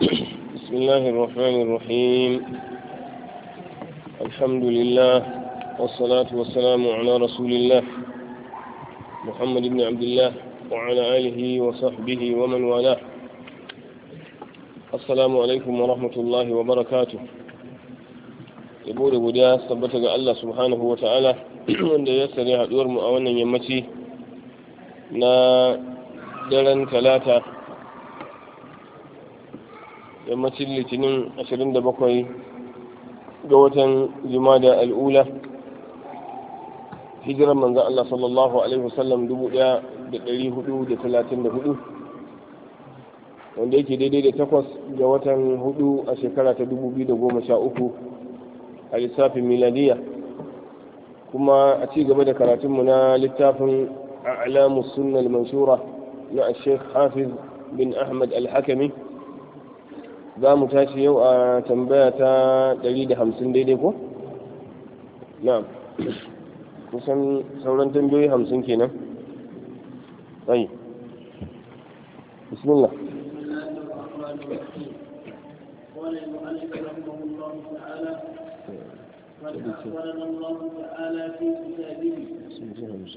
بسم الله الرحمن الرحيم الحمد لله والصلاة والسلام على رسول الله محمد بن عبد الله وعلى آله وصحبه ومن والاه السلام عليكم ورحمة الله وبركاته yabo da godiya tabbata ga Allah subhanahu wa ta'ala wanda ya sare haduwar mu a wannan yammaci na daren talata yammacin litinin 27 ga watan jumada al'ula hijirar manzan Allah sallallahu alaihi wasallam 1434 wanda yake daidai da takwas ga watan hudu a shekara ta 2013 a lissafin miladiya kuma a ci gaba da karatunmu na littafin a a'lamus sunnal mansura na a sheikh hafiz bin ahmad al-hakami za mu tashi yau a tambaya ta 150 daidai ko? na'am kusan sauran tambayoyi 50 kenan ɗai bismillah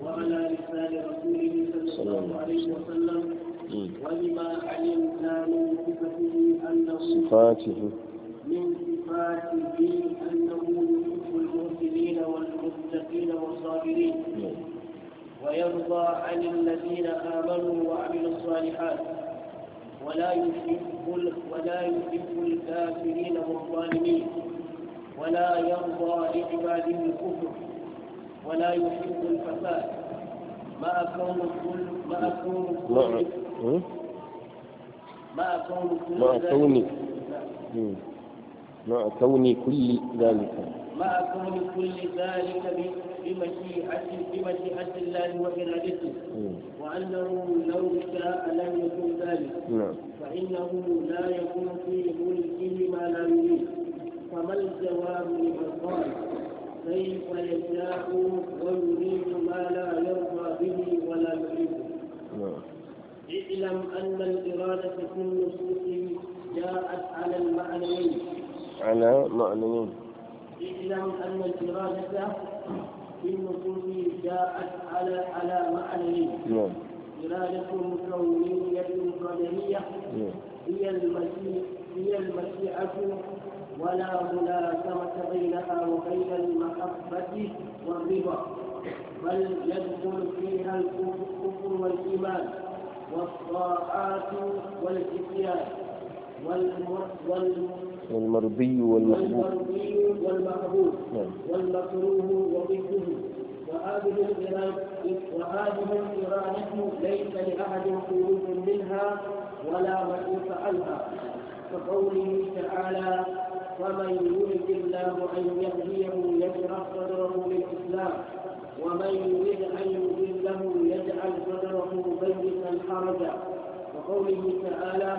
وعلى رسال رسوله صلى الله عليه وسلم ولما علمنا من صفته أنه صفاته من صفاته أنه يحب المرسلين والمتقين والصابرين ويرضى عن الذين آمنوا وعملوا الصالحات ولا يحب ولا يحب الكافرين والظالمين ولا يرضى لعباده الكفر ولا يحب الفساد ما أكون كل ما أكون مع كون مع كون كل ذلك مع كون كل ذلك بمشيئة بمشيئة الله وإرادته وأنه لو شاء لم يكن ذلك فإنه لا يكون في ملكه ما لا يريد فما الجواب لمن قال كيف يشاء ويريد ما لا يرضى به ولا يريده اعلم أن الإرادة في النصوص جاءت على المعنيين على معنيين اعلم أن الإرادة في النصوص جاءت على على معنيين نعم إرادة كونية قدرية نعم. هي المشيئة هي المشيئة ولا ملازمة بينها وبين المحبة والرضا بل يدخل فيها الكفر والإيمان والطاعات والإتيان والمرضي والمحبوب والمحبوب نعم. والمكروه وضده وهذه الإرادة وهذه القرانه ليس لأحد خروج منها ولا من عنها كقوله تعالى ومن يرد الله أن يهديه يشرح صدره للإسلام ومن يريد أن يضله يجعل صدره ضيقا حرجا وقوله تعالى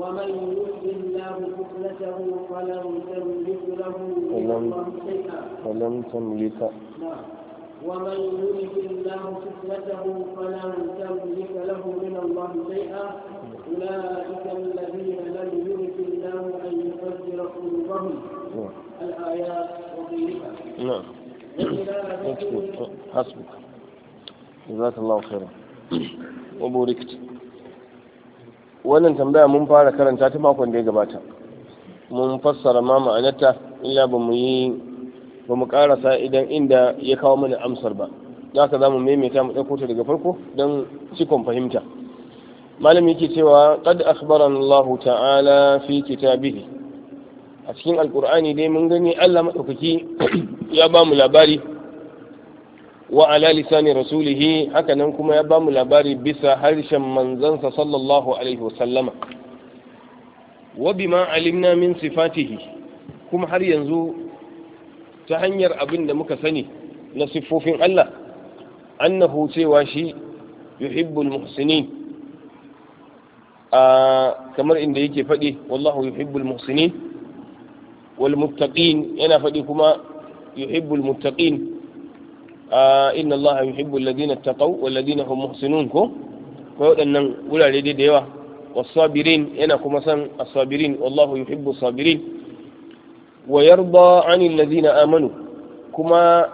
ومن يؤذي الله فتنته فلن تملك له من الله شيئا فلن تملك نعم ومن يرد الله فتنته فلن تملك له من الله شيئا أولئك الذين لم يرد الله أن يفجر قلوبهم نعم. الآيات وغيرها نعم wannan tambaya mun fara karanta ta makon da ya gabata mun fassara ma ma'anarta illa ba mu yi ba mu karasa idan inda ya kawo mana amsar ba za ka za mu maimaita mu ɗauko ta daga farko don cikon fahimta malami yake cewa qad akhbarana Allah ta'ala fi kitabihi a cikin alkur'ani dai mun gani Allah maɗaukaki ya ba mu labari wa ala lisani rasulihi haka nan kuma ya ba mu labari bisa harshen manzansa sallallahu alaihi wasallama wa bima alimna min sifatihi kuma har yanzu ta hanyar abin da muka sani na siffofin Allah annahu cewa shi yuhibbul muhsinin kamar inda yake faɗi wallahu yuhibbul muhsinin wal muttaqin yana faɗi kuma yuhibbul muttaqin inna allaha yuhibbul ladina taqaw wal ladina hum muhsinun ko ko waɗannan wurare da yawa wasabirin yana kuma san asabirin wallahu yuhibbu sabirin wa yarda anil ladina amanu kuma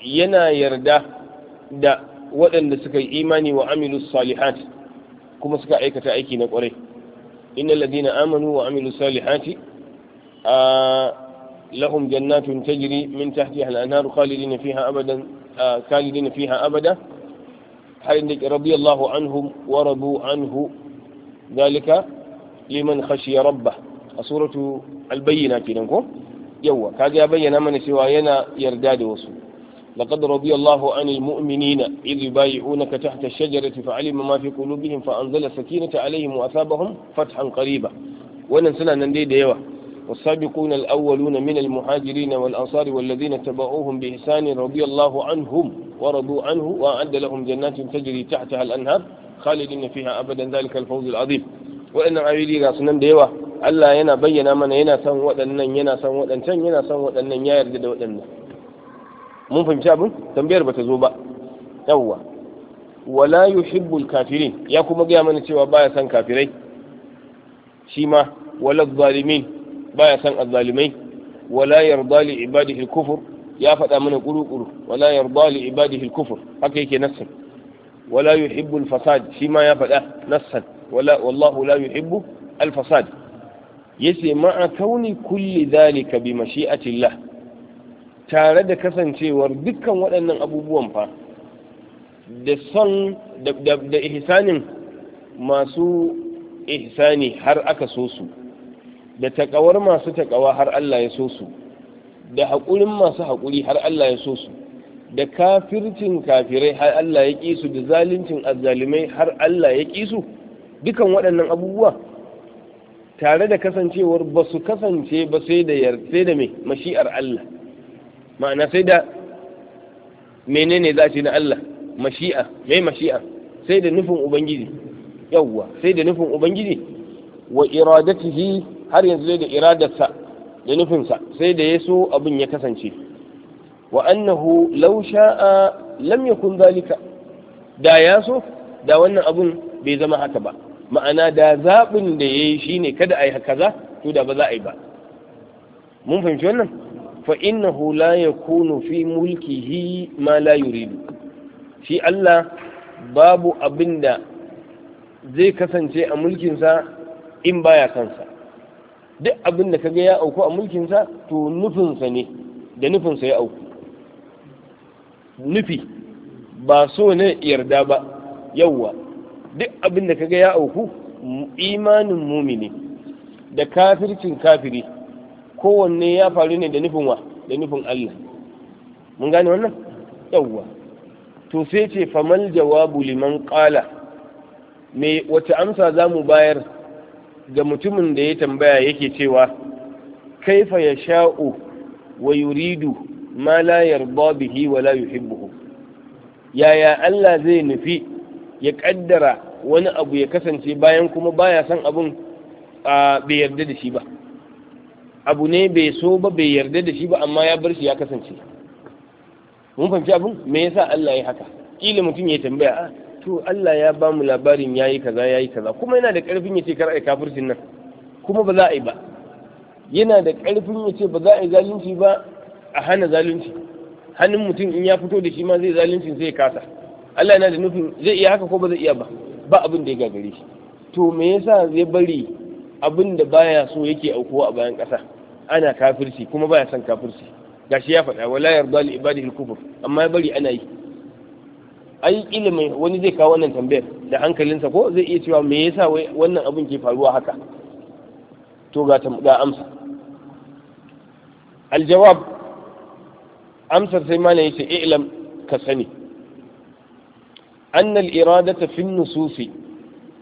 yana yarda da waɗanda suka yi imani wa amilu salihat kuma suka aikata aiki na ƙwarai inna ladina amanu wa salihati لهم جنات تجري من تحتها الأنهار خالدين فيها أبدا خالدين فيها أبدا حيث رضي الله عنهم ورضوا عنه ذلك liman khashiya rabba a suratu albayyana kenan ko yawa kaga bayyana mana cewa yana yarda da wasu laqad radiyallahu anil mu'minina idh yubayyi'unaka tahta ash-shajarati fa'alima ma fi qulubihim fa anzala sakinata alaihim wa asabahum fathan qariba wannan suna nan dai da yawa والسابقون الأولون من المهاجرين والأنصار والذين تبعوهم بإحسان رضي الله عنهم ورضوا عنه وأعد لهم جنات تجري تحتها الأنهار خالدين فيها أبدا ذلك الفوز العظيم وإن عيدي غاسنا ديوة ألا ينا بينا من ينا سن ودنا ينا سن ودنا ينا سن ودنا يا يرد ودنا mun fahimci abin tambayar bata zo ba yawwa wala yuhibbul kafirin ya kuma gaya mana cewa baya son kafirai shi ma wala zalimin baya san azzalimai wala yarda li ibadihi al ya faɗa mana kuru-kuru wala yarda li ibadihi al-kufr haka yake nassan wala yuhibbu al-fasad shi ma ya faɗa nassan wala wallahu la yuhibbu al-fasad yace ma'a kauni kulli dhalika bi mashi'atillah tare da kasancewar dukkan waɗannan abubuwan fa da son da ihsanin masu ihsani har aka so su da takawar masu takawa har Allah ya so su da haƙurin masu haƙuri har Allah ya so su da kafircin kafirai har Allah ya ƙi su da zalincin azzalimai har Allah ya ƙi su dukan waɗannan abubuwa tare da kasancewar ba su kasance ba sai da sai da mai mashi'ar Allah ma'ana sai da menene za na Allah mashi'a mai mashi'a sai da nufin ubangiji yawwa sai da nufin ubangiji wa iradatihi har yanzu zai da iradarsa da nufinsa sai da ya so abin ya kasance wa annahu law sha'a lam yakun zalika da ya so da wannan abun bai zama haka ba ma'ana da zaɓin da ya yi shi ne kada a yi kaza to da ba za a yi ba mun fahimci wannan fa innahu la yakunu fi mulkihi ma la yuridu shi Allah babu abin da zai kasance a mulkinsa in baya kansa duk abin da kaga ya auku a mulkinsa to nufinsa ne da nufinsa ya auku nufi ba so ne yarda ba yawwa duk abin da kaga ya auku imanin mumini da kafircin kafiri kowanne ya faru ne da nufin wa da nufin Allah mun gane wannan yawwa to sai ce famal jawabu liman qala me wace amsa za mu bayar ga mutumin da ya tambaya yake cewa kaifa ya sha'u wa yuridu ma la yarda bihi wa la yuhibbuhu yaya Allah zai nufi ya kaddara wani abu ya kasance bayan kuma baya son abun bai yarda da shi ba abu ne bai so ba bai yarda da shi ba amma ya bar shi ya kasance mun fahimci abun me yasa Allah ya haka kila mutum ya tambaya ah, to Allah ya ba mu labarin yayi kaza yayi kaza kuma yana da ƙarfin ya ce kar a kafirci nan kuma ba za a yi ba yana da ƙarfin ya ce ba za a yi zalunci ba a hana zalunci hannun mutum in ya fito da shi ma zai zalunci zai kasa Allah yana da nufin zai iya haka ko ba zai iya ba ba abin da ya gagare shi to me yasa zai bari abin da baya so yake aukuwa a bayan ƙasa ana kafirci kuma baya son kafirci gashi ya faɗa wala yarda li ibadihi kufur amma ya bari ana yi ai ilimin wani zai kawo wannan tambayar da hankalinsa ko zai iya cewa me yasa wannan abin ke faruwa haka to ga ga amsa aljawab amsar sai mana yace i'lam ka sani anna al-iradata fi nususi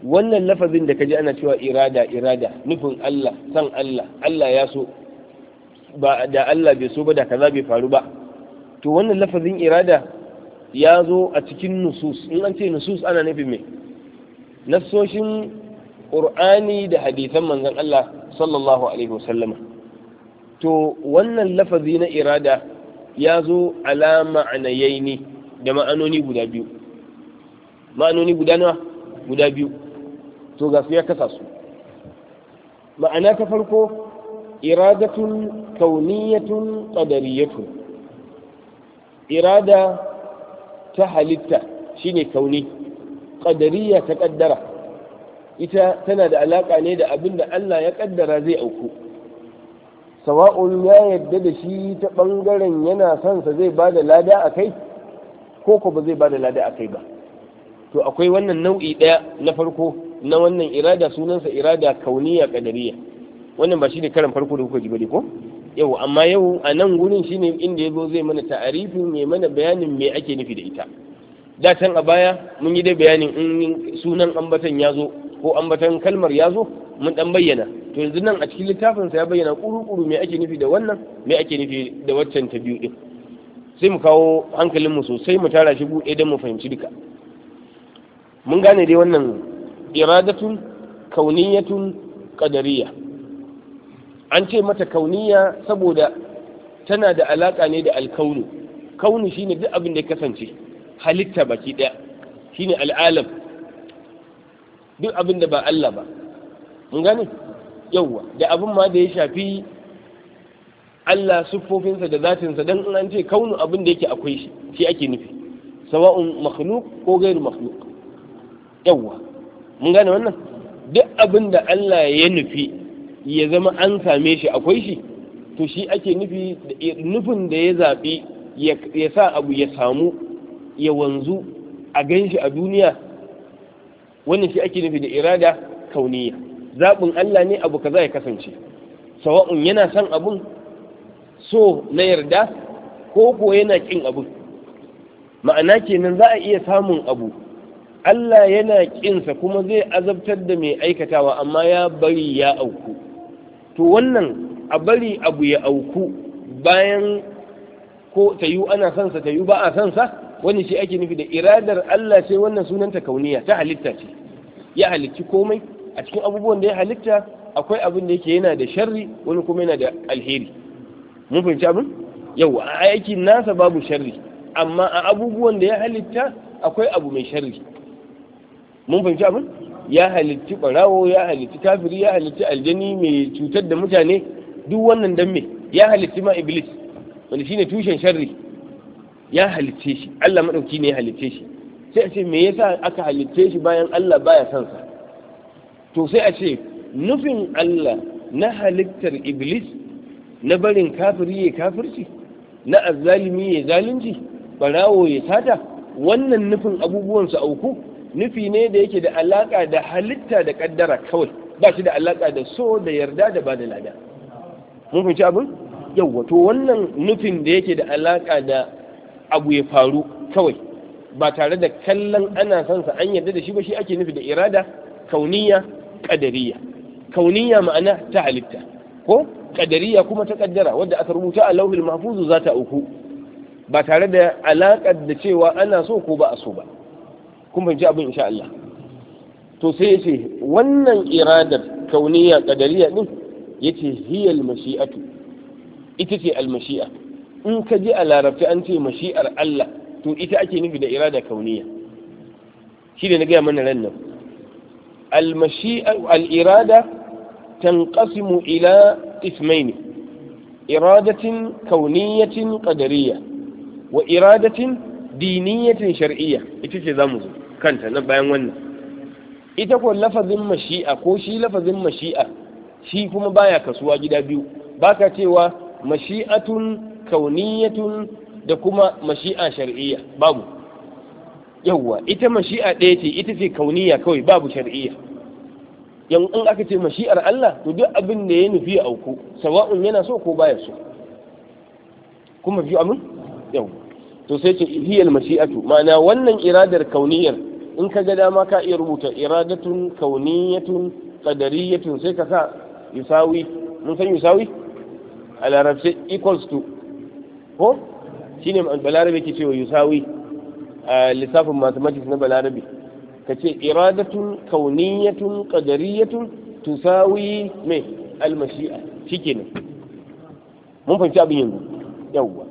wannan lafazin da kaji ana cewa irada irada nufin Allah san Allah Allah ya so ba da Allah bai so ba da kaza bai faru ba to wannan lafazin irada ya zo a cikin nusus in an ce nusus ana nufin mai nassoshin ƙur'ani da hadisan manzon Allah sallallahu alaihi wasallama to wannan lafazi na irada ya zo ala ma'anayaini da ma'anoni guda biyu ma'anoni guda nawa guda biyu to ga su ya kasa su ma'ana ta farko iradatun kauniyatun qadariyatun irada ta halitta shine kauni Ƙadariya ta kaddara ita tana da alaka ne da abin da Allah ya ƙaddara zai auku sawa'un ya yadda da shi ta bangaren yana son sa zai bada lada akai ko ko ba zai bada lada akai ba to akwai wannan nau'i ɗaya na farko na wannan irada sunansa irada kauniya kadariya wannan ba shi ne karan farko da kuka ji bane ko yau amma yau a nan gurin shine inda ya zo zai mana ta'arifin mai mana bayanin me ake nufi da ita da can a baya mun yi dai bayanin in sunan ambatan ya zo ko ambatan kalmar ya zo mun dan bayyana to yanzu nan a cikin littafin sa ya bayyana kuru-kuru me ake nufi da wannan me ake nufi da waccan ta biyu din sai mu kawo hankalin mu sosai mu tara shi buɗe dan mu fahimci duka mun gane dai wannan iradatun kauniyatun qadariyah an ce mata kauniya saboda tana da alaƙa ne da alkaunu kaunu shine duk abin da ya kasance halitta baki ɗaya shine al'alam duk abin da ba Allah ba mun gane yawwa da abin ma da ya shafi Allah siffofinsa da zatinsa dan in an ce kaunu abin da yake akwai shi shi ake nufi sawa'un makhluq ko gairu makhluq yawwa mun gane wannan duk abin da Allah ya nufi ya zama an same shi akwai shi to shi ake nufi nufin da ya zaɓi ya sa abu ya samu ya wanzu a gan shi a duniya wannan shi ake nufi da irada kauniya zaɓin Allah ne abu kaza ya kasance sawa'un yana son abun so na yarda ko ko yana ƙin abun ma'ana kenan za a iya samun abu Allah yana ƙinsa kuma zai azabtar da mai aikatawa amma ya bari ya auku to wannan a bari abu ya auku bayan ko ta yi ana sansa ta yi ba a sansa wani shi ake nufi da iradar Allah sai wannan sunanta kauniya ta halitta ce ya halicci komai a cikin abubuwan da ya halitta akwai abin da yake yana da sharri wani kuma yana da alheri mun fahimci abin yawa a aikin nasa babu sharri amma a abubuwan da ya halitta akwai abu mai sharri mun fahimci abin ya halitti barawo ya halitti kafiri ya halitti aljani mai cutar da mutane duk wannan dan me ya halitti ma iblis wanda shine tushen sharri ya halitte shi Allah madauki ne ya halitte shi sai a ce me yasa aka halitte shi bayan Allah baya son sa to sai a ce nufin Allah na halittar iblis na barin kafiri ya kafirci na azzalimi ya zalunci barawo ya sata wannan nufin abubuwan su auku nufi ne da yake da alaƙa da halitta da ƙaddara kawai ba shi da alaƙa da so da yarda da ba da lada mun fahimci abin yau to wannan nufin da yake da alaƙa da abu ya faru kawai ba tare da kallon ana son an yarda da shi ba shi ake nufi da irada kauniya ƙadariya. kauniya ma'ana ta halitta ko ƙadariya kuma ta ƙaddara, wadda aka rubuta a lauhul mahfuzu za ta uku ba tare da alaƙar da cewa ana so ko ba a so ba kun fahimci abin insha Allah to sai ce wannan iradar kauniya kadariya din ce hiya almashi'atu ita ce almashi'a in ka ji a larabci an ce mashi'ar Allah to ita ake nufi da irada kauniya shi da na gaya mana ran nan almashi'a al-irada tanqasimu ila ismaini iradatin kauniyatin qadariyya wa iradatin diniyatin shar'iyya ita ce zamu zo kanta na bayan wannan ita ko lafazin mashi'a ko shi lafazin mashi'a shi kuma baya kasuwa gida biyu baka cewa mashi'atun kauniyatun da kuma mashi'a shar'iyya babu yawwa ita mashi'a ɗaya ce ita ce kauniya kawai babu shar'iyya yan in aka ce mashi'ar Allah to duk abin da ya nufi auku sawa'un yana so ko baya so kuma biyu amin yawwa to sai ce hiyal mashi'atu ma'ana wannan iradar kauniyar in ka ga dama ka iya rubuta iradatun kauniyatun qadariyatun sai ka sa yusawi mun san yusawi a larabce equals to ko shine balarabe ke cewa yusawi a lissafin mathematics na balarabe ka ce iradatun kauniyatun qadariyatun tusawi mai almashi'a shikenan mun fahimci abin yanzu yawwa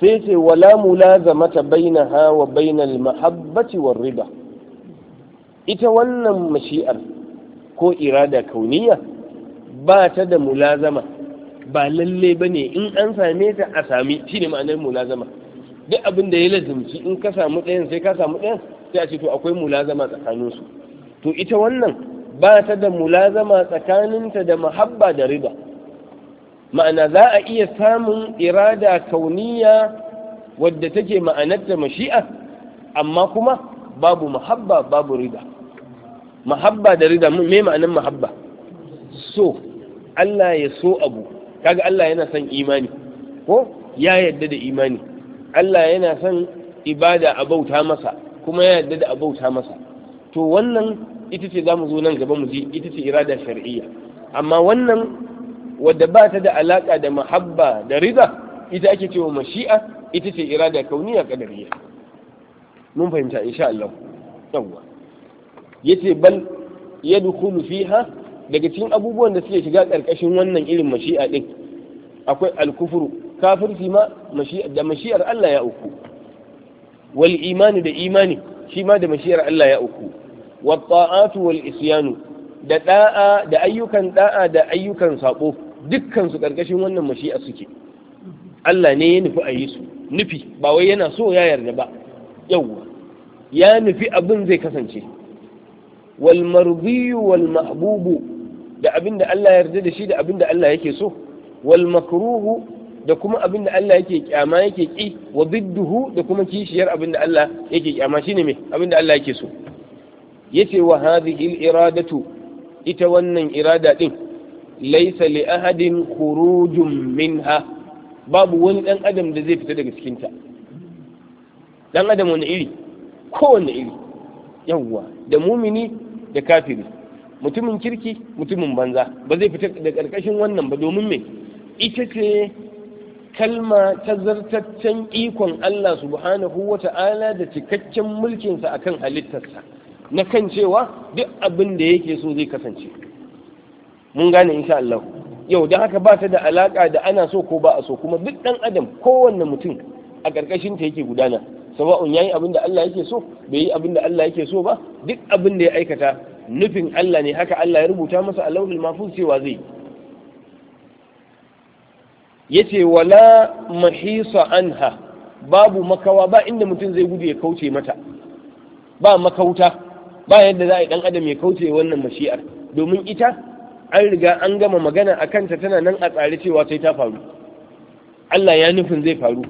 sai ce wala mulazamata bainaha hawa bainal mahabbati war riba ita wannan mashi'ar ko irada kauniya ba ta da mulazama ba lalle ba ne in an same ta a sami shi ne ma'anar mulazama duk abin da ya lazimci in ka samu ɗayan sai ka samu ɗayan sai a ce to akwai mulazama tsakaninsu to ita wannan ba ta da mulazama tsakaninta da mahabba da riba ma'ana za a iya samun irada kauniya wadda take ma'anarta mashi'a amma kuma babu mahabba babu rida mahabba da rida me ma'anar mahabba so Allah ya so abu kaga Allah yana son imani ko ya yadda da imani Allah yana son ibada a bauta masa kuma ya yadda da a masa to wannan ita ce za mu zo nan gaba mu ji ita ce irada shar'iyya amma wannan wadda ba ta da alaƙa da mahabba da riza ita ake cewa mashi'a ita ce irada kauniya kadariya mun fahimta insha Allah yawwa yace bal yadkhulu fiha daga cikin abubuwan da suke shiga karkashin wannan irin mashi'a din akwai alkufuru kafirci ma da mashi'ar Allah ya uku wal imani da imani shi ma da mashi'ar Allah ya uku wat ta'atu wal isyanu da da'a da ayyukan da'a da ayyukan saƙo. dukkan su ƙarƙashin wannan mashi'a suke Allah ne ya nufi a yi su nufi ba wai yana so ya yarda ba yawwa ya nufi abin zai kasance wal mardiyu wal mahbubu da abin da Allah ya yarda da shi da abin da Allah yake so wal makruhu da kuma abin da Allah yake kyama yake ki wa bidduhu da kuma kishiyar abin da Allah yake kyama shine me abin da Allah yake so yace wa hadhihi al iradatu ita wannan irada din laisa li ahadin khurujun minha babu wani dan adam da zai fita daga cikin ta dan adam wani iri kowane iri yawwa da mumini da kafiri mutumin kirki mutumin banza ba zai fita da karkashin wannan ba domin me ita ce kalma ta zartaccen ikon Allah subhanahu wa ta'ala da cikakken mulkinsa akan halittarsa na kan cewa duk abin da yake so zai kasance mun gane insha Allah yau don haka ba ta da alaka da ana so ko ba a so kuma duk dan adam kowanne mutum a ƙarƙashin ta yake gudana sawa'un yayi abin da Allah yake so bai yi abin da Allah yake so ba duk abin da ya aikata nufin Allah ne haka Allah ya rubuta masa a lauhul mahfuz cewa zai yace wala mahisa anha babu makawa ba inda mutum zai gudu ya kauce mata ba makauta ba yadda za a yi dan adam ya kauce wannan mashi'ar domin ita an riga an gama magana a kanta tana nan a tsare cewa sai ta faru Allah ya nufin zai faru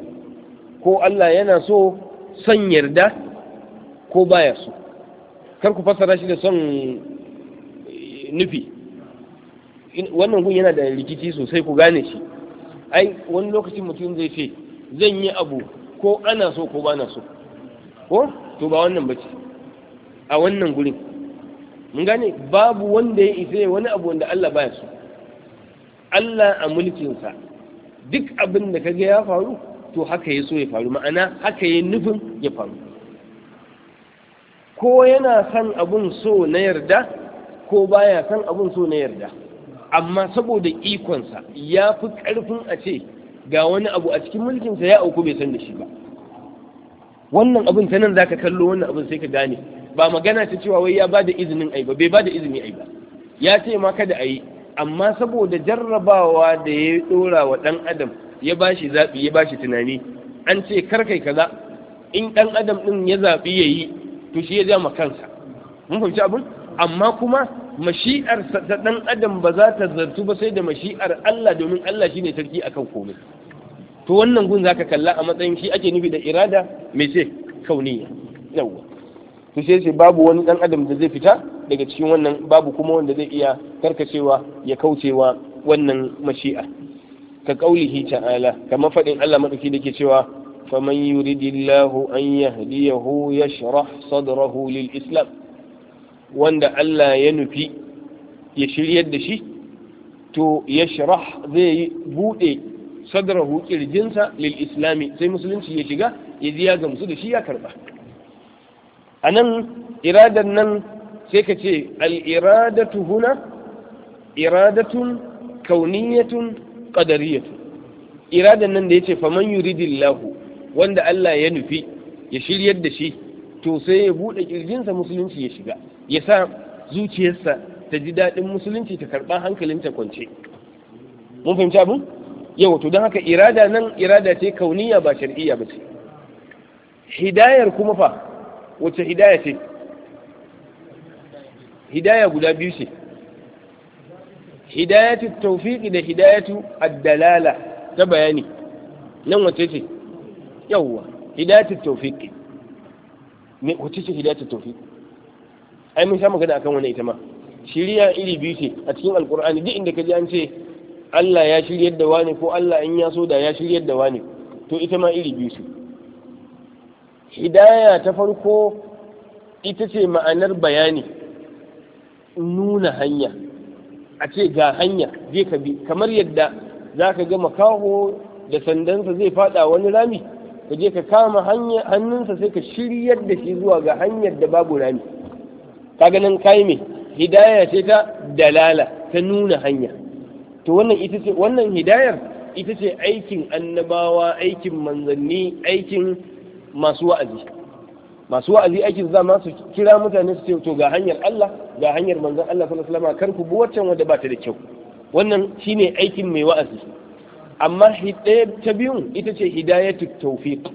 ko Allah yana so son yarda ko baya so kar ku fassara shi da son eh, nufi wannan gun yana da rikici sosai ku gane shi ai wani lokacin mutum zai ce zan yi abu ko ana so ko ba na so ko to ba wannan bace a wannan gurin mun gane babu wanda ya isa wani abu wanda Allah baya su Allah a mulkinsa duk abin da kaga ya faru to haka ya so ya faru ma'ana haka ya nufin ya faru ko yana san abun so na yarda ko baya son abun so na yarda amma saboda ikonsa ya fi karfin a ce ga wani abu a cikin mulkinsa ya auku bai san da shi ba wannan abin ta nan za ka kallo wannan abin sai ka gane ba magana ta cewa wai ya ba da izinin ai ba bai ba da izini ai ba ya ce ma kada a yi amma saboda jarrabawa da ya dora wa dan adam ya ba shi zaɓi ya ba shi tunani an ce kar kaza in dan adam ɗin ya zaɓi ya yi to shi ya ja ma kansa mun fahimci abun amma kuma mashi'ar ta ɗan adam ba za ta zartu ba sai da mashi'ar Allah domin Allah shi ne sarki akan komai to wannan gun zaka kalla a matsayin shi ake nufi da irada mai ce kauniya yawwa to sai sai babu wani dan adam da zai fita daga cikin wannan babu kuma wanda zai iya karkacewa ya kaucewa wannan mashi'a ka kaulihi ta'ala kamar fadin Allah madauki dake cewa faman yuridillahu an yahdiyahu yashrah sadrahu lilislam wanda Allah ya nufi ya shiryar da shi to yashrah zai bude sadrahu kirjinsa lil sai musulunci ya shiga ya ya gamsu da shi ya karba a nan iradan nan sai ka ce al'iradatu huna iradatun kauniyatun ƙadariyatun iradan nan da ya ce faman yuridillahu wanda Allah ya nufi ya shiryar da shi to sai ya buɗe ƙirjinsa musulunci ya shiga ya sa zuciyarsa ta ji daɗin musulunci ta karɓa ta kwance mun fahimci abin yau to don haka irada nan irada ce kauniya ba shar'iyya ba ce hidayar kuma fa Wace hidaya ce hidaya guda biyu ce hidayatu tawfiqi da hidayatu ad-dalala ta bayani nan wace ce yawwa hidayatu tawfiqi me wacce ce hidayatu tawfiqi ai mun sha magana akan wannan ita ma shiriya iri biyu ce a cikin alqur'ani duk inda ka ji an ce Allah ya shiryar da wani ko Allah in ya so da ya shiryar da wani to ita ma iri biyu ce hidaya ta farko ita ce ma'anar bayani nuna hanya a ce ga hanya zai ka bi kamar yadda za ka ga makaho da sandansa zai fada wani rami ka je ka kama hannunsa sai ka shiryar da shi zuwa ga hanyar da babu rami ka ganin kaime hidaya ce ta dalala ta nuna hanya to wannan wannan hidayar ita ce aikin annabawa aikin manzanni aikin masu wa'azi masu wa'azi aikin zama su kira mutane su ce to ga hanyar Allah ga hanyar manzon Allah sallallahu alaihi wasallam kar ku bi waccan wanda ba ta da kyau wannan shine aikin mai wa'azi amma hidaya ta biyun ita ce hidayatul tawfiq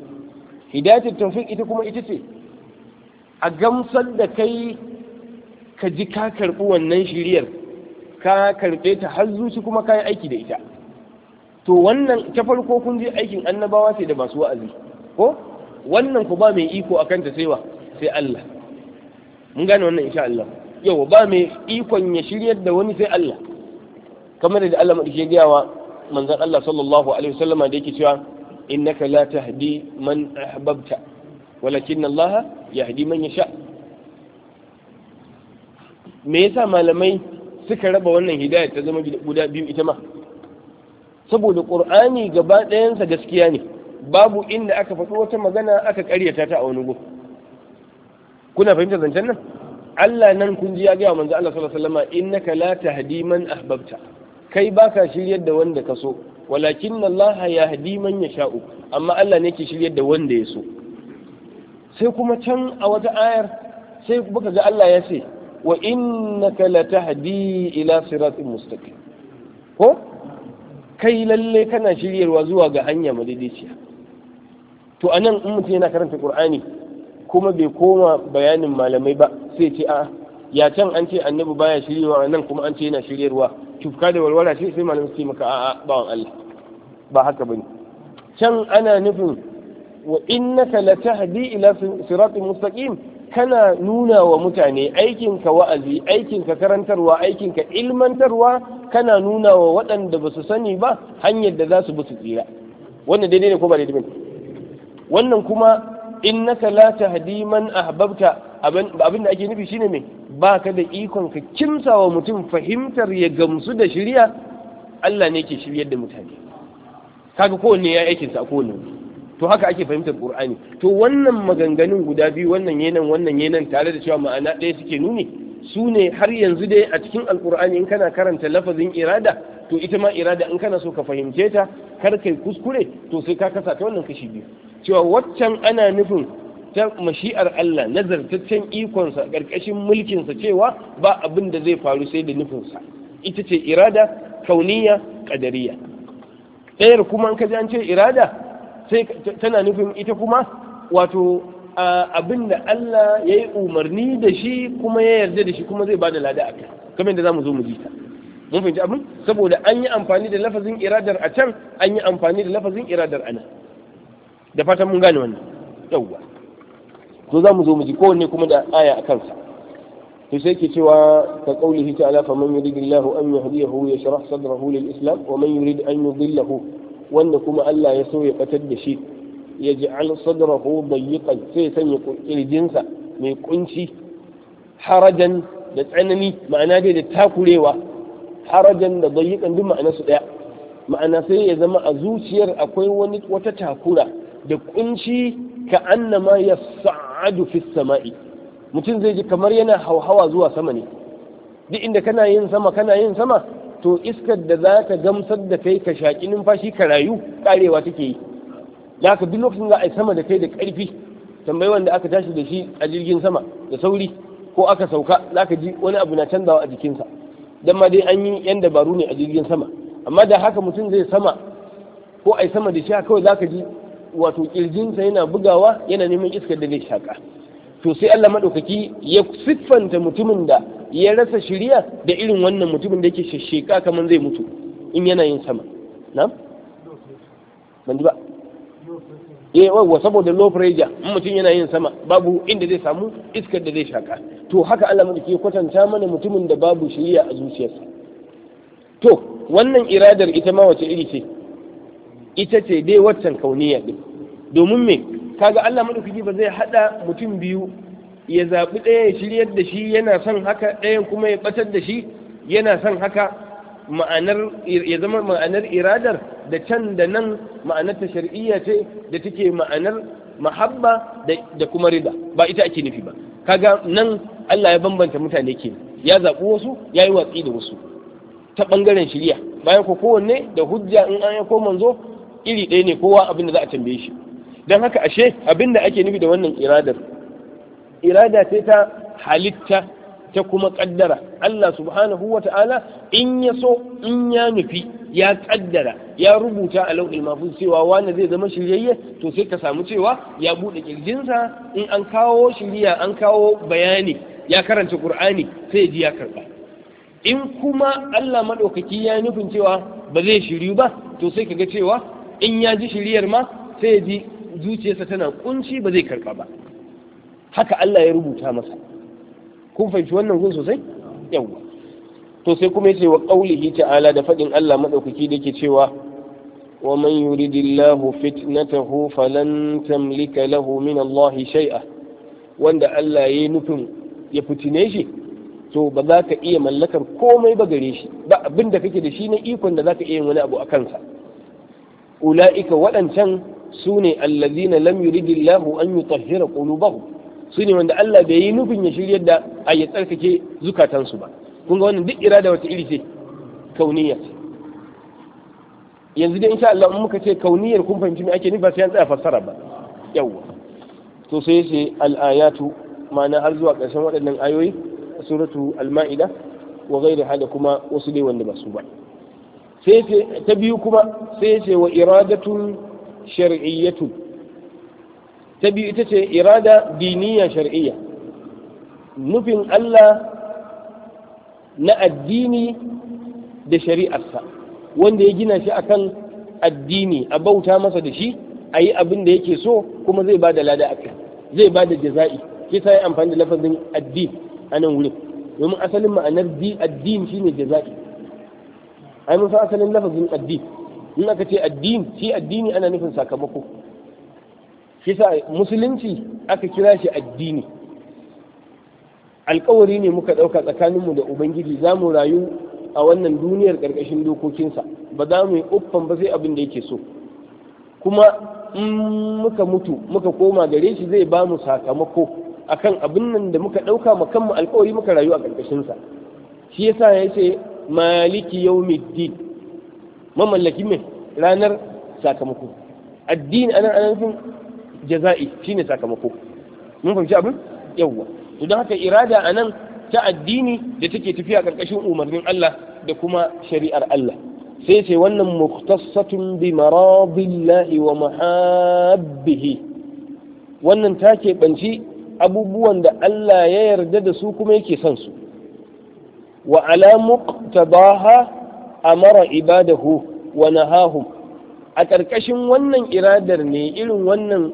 hidayatul tawfiq ita kuma ita ce a gamsar da kai ka ji ka karɓi wannan shiriyar ka karɓe ta har zuci kuma ka yi aiki da ita to wannan ta farko kun je aikin annabawa ce da masu wa'azi ko wannan ku ba mai iko akan ta sai wa sai Allah mun gane wannan insha Allah yau ba mai ikon ya shiryar da wani sai Allah kamar da Allah madike gaya wa manzon Allah sallallahu alaihi wasallama da yake cewa innaka la tahdi man ahbabta walakin Allah yahdi man yasha me yasa malamai suka raba wannan hidaya ta zama guda biyu ita ma saboda qur'ani gaba ɗayansa gaskiya ne babu inda aka faɗi wata magana aka ƙaryata ta a wani gu kuna fahimtar zancen nan Allah nan kun ji ya gaya manzo Allah sallallahu alaihi wasallam innaka la tahdi man ahbabta kai baka shiryar da wanda ka so walakin Allah yahdi man yasha'u amma Allah ne ke shiryar da wanda ya so sai kuma can a wata ayar sai baka ga Allah ya ce wa innaka la tahdi ila siratin mustaqim ko kai lalle kana shiryarwa zuwa ga hanya madaidaiciya to anan in mutum yana karanta qur'ani kuma bai koma bayanin malamai ba sai ce a'a ya can an ce annabi baya shiryarwa nan kuma an ce yana shiryarwa tufka da walwala shi sai malamai su maka a'a bawan Allah ba haka bane can ana nufin wa innaka latahdi ila siratin mustaqim kana nuna wa mutane aikinka wa'azi aikinka karantarwa aikinka ilmantarwa kana nuna wa waɗanda ba su sani ba hanyar da za su bi su tsira wannan daidai ne ko ba daidai ne wannan kuma in na tahdi hadiman ahbabta abin da ake nufi shine ba ka da ikon ka kimsa wa mutum fahimtar ya gamsu da shirya Allah ne ke shiryar da mutane kaga kowanne ya aikin sa kowanne to haka ake fahimtar Qur'ani to wannan maganganun guda biyu wannan yanan wannan yanan tare da cewa ma'ana ɗaya suke nuni su ne har yanzu dai a cikin alkur'ani in kana karanta lafazin irada to ita ma irada in kana so ka fahimce ta kar kai kuskure to sai ka kasa ta wannan kashi biyu cewa waccan ana nufin ta mashi'ar Allah nazartaccen ikonsa ƙarƙashin mulkinsa cewa ba abin da zai faru sai da nufinsa ita ce irada kauniya ƙadariya ɗayar kuma an kaji an ce irada tana nufin ita kuma wato abin da Allah ya yi umarni da shi kuma ya yarda da shi kuma zai bada lada a kai kamar da za mu zo mu ji ta mun fahimci abin saboda an yi amfani da lafazin iradar a can an yi amfani da lafazin iradar a nan da fatan mun gane wannan yawwa to za mu zo mu ji kowanne kuma da aya a kansa to sai ke cewa ka qaulihi ta'ala fa man yuridillahu an yahdiyahu yashrah sadrahu lil islam wa man yuridu an yudillahu wanda kuma Allah ya so ya fatar da shi ya ja'al sadrahu dayyiqan sai sanya kirjinsa mai kunci harajan da tsanani ma'ana dai da takurewa harajan da dayyiqan duk ma'ana su daya ma'ana sai ya zama a zuciyar akwai wani wata takura da kunci ka annama ya sa'adu fi sama'i mutum zai ji kamar yana hauhawa zuwa sama ne duk inda kana yin sama kana yin sama to iskar da za ta gamsar da kai ka shaƙi numfashi ka rayu karewa take yi da duk lokacin za a yi sama da kai da ƙarfi tambayi wanda aka tashi da shi a jirgin sama da sauri ko aka sauka za ka ji wani abu na canzawa a jikinsa dan ma dai an yi yan dabaru ne a jirgin sama amma da haka mutum zai sama ko a yi sama da shi kawai za ka ji wato kirjinsa yana bugawa yana neman iskar da zai shaka to sai Allah madaukaki ya siffanta mutumin da ya rasa shiriya da irin wannan mutumin da yake shasheka kamar zai mutu in yana yin sama na ban ji ba eh wa saboda low pressure in mutum yana yin sama babu inda zai samu iskar da zai shaka to haka Allah madaukaki ya kwatanta mana mutumin da babu shiriya a zuciyarsa to wannan iradar ita ma wace iri ce ita ce dai waccan kauniya din domin me kaga Allah madaukaki ba zai haɗa mutum biyu ya zaɓi ɗaya ya shiryar da shi yana son haka ɗayan kuma ya ɓatar da shi yana son haka ma'anar ya zama ma'anar iradar da can da nan ma'anar ta shar'iyya ce da take ma'anar mahabba da kuma rida ba ita ake nufi ba kaga nan Allah ya bambanta mutane ke ya zaɓi wasu ya yi watsi da wasu ta ɓangaren shirya bayan ko kowanne da hujja in an ya ko manzo iri ɗaya ne kowa abin da za a tambaye shi don haka ashe abin da ake nufi da wannan iradar irada ce ta halitta ta kuma kaddara Allah subhanahu wa ta'ala in ya so in ya nufi ya kaddara ya rubuta a lauɗin mafi cewa wani zai zama shiryayye to sai ka samu cewa ya buɗe kirjinsa in an kawo shirya an kawo bayani ya karanta qur'ani sai ji ya karɓa in kuma Allah maɗaukaki ya nufin cewa ba zai shiryu ba to sai ka ga cewa in ya ji shiriyar ma sai ya ji zuciyarsa tana kunci ba zai karɓa ba haka Allah ya rubuta masa kun fahimci wannan gun sosai yawa to sai kuma yace wa qaulihi ta'ala da fadin Allah madaukaki da cewa wa man yuridillahu fitnatahu falan tamlika lahu min Allah shay'a wanda Allah yayi nufin ya fitine shi to ba za ka iya mallakar komai ba gare shi ba abinda da kake da shi na ikon da za ka iya wani abu a kansa ula'ika waɗancan su ne allazina lam yuridillahu an yutahhira qulubahum su ne wanda Allah bai yi nufin ya shirya da a ya tsarkake zukatansu ba kun ga wannan duk da wata iri ce kauniya yanzu dai insha Allah in muka ce kauniyar kun fahimci ake nufi ba sai an tsaya fassara ba yawa to sai yace al har zuwa ƙarshen waɗannan ayoyi suratu alma'ida, maida da ghairi kuma wasu dai wanda ba su ba ta biyu kuma sai ce wa iradatun shar'iyyatu ta biyu ita ce irada diniya shari'iyya nufin Allah na addini da shari'arsa wanda ya gina shi akan addini a bauta masa da shi a yi abin da yake so kuma zai ba da lada a kai zai ba da jaza'i ke sa yi amfani da lafazin addini a nan wurin domin asalin ma'anar addini shine jaza'i ai mun san asalin lafazin addini in aka ce addini shi addini ana nufin sakamako shi musulunci aka kira shi addini alkawari ne muka ɗauka tsakaninmu da ubangiji za mu rayu a wannan duniyar ƙarƙashin dokokinsa ba za mu yi uffan ba sai abin da yake so kuma in muka mutu muka koma gare shi zai ba mu sakamako akan abin nan da muka ɗauka ma kanmu alkawari muka rayu a ƙarƙashinsa shi yasa ya ce maliki yawmiddin mamallaki mai ranar sakamako addini anan ana nufin jaza'i shine sakamako mun fahimci abin yawwa to don haka irada a nan ta addini da take tafiya karkashin umarnin Allah da kuma shari'ar Allah sai sai wannan muktasatun bi maradillahi wa mahabbihi wannan ta keɓanci abubuwan da Allah ya yarda da su kuma yake son su وعلى مقتضاها أمر amara ibadahu wa ونن a ƙarƙashin wannan iradar ne irin wannan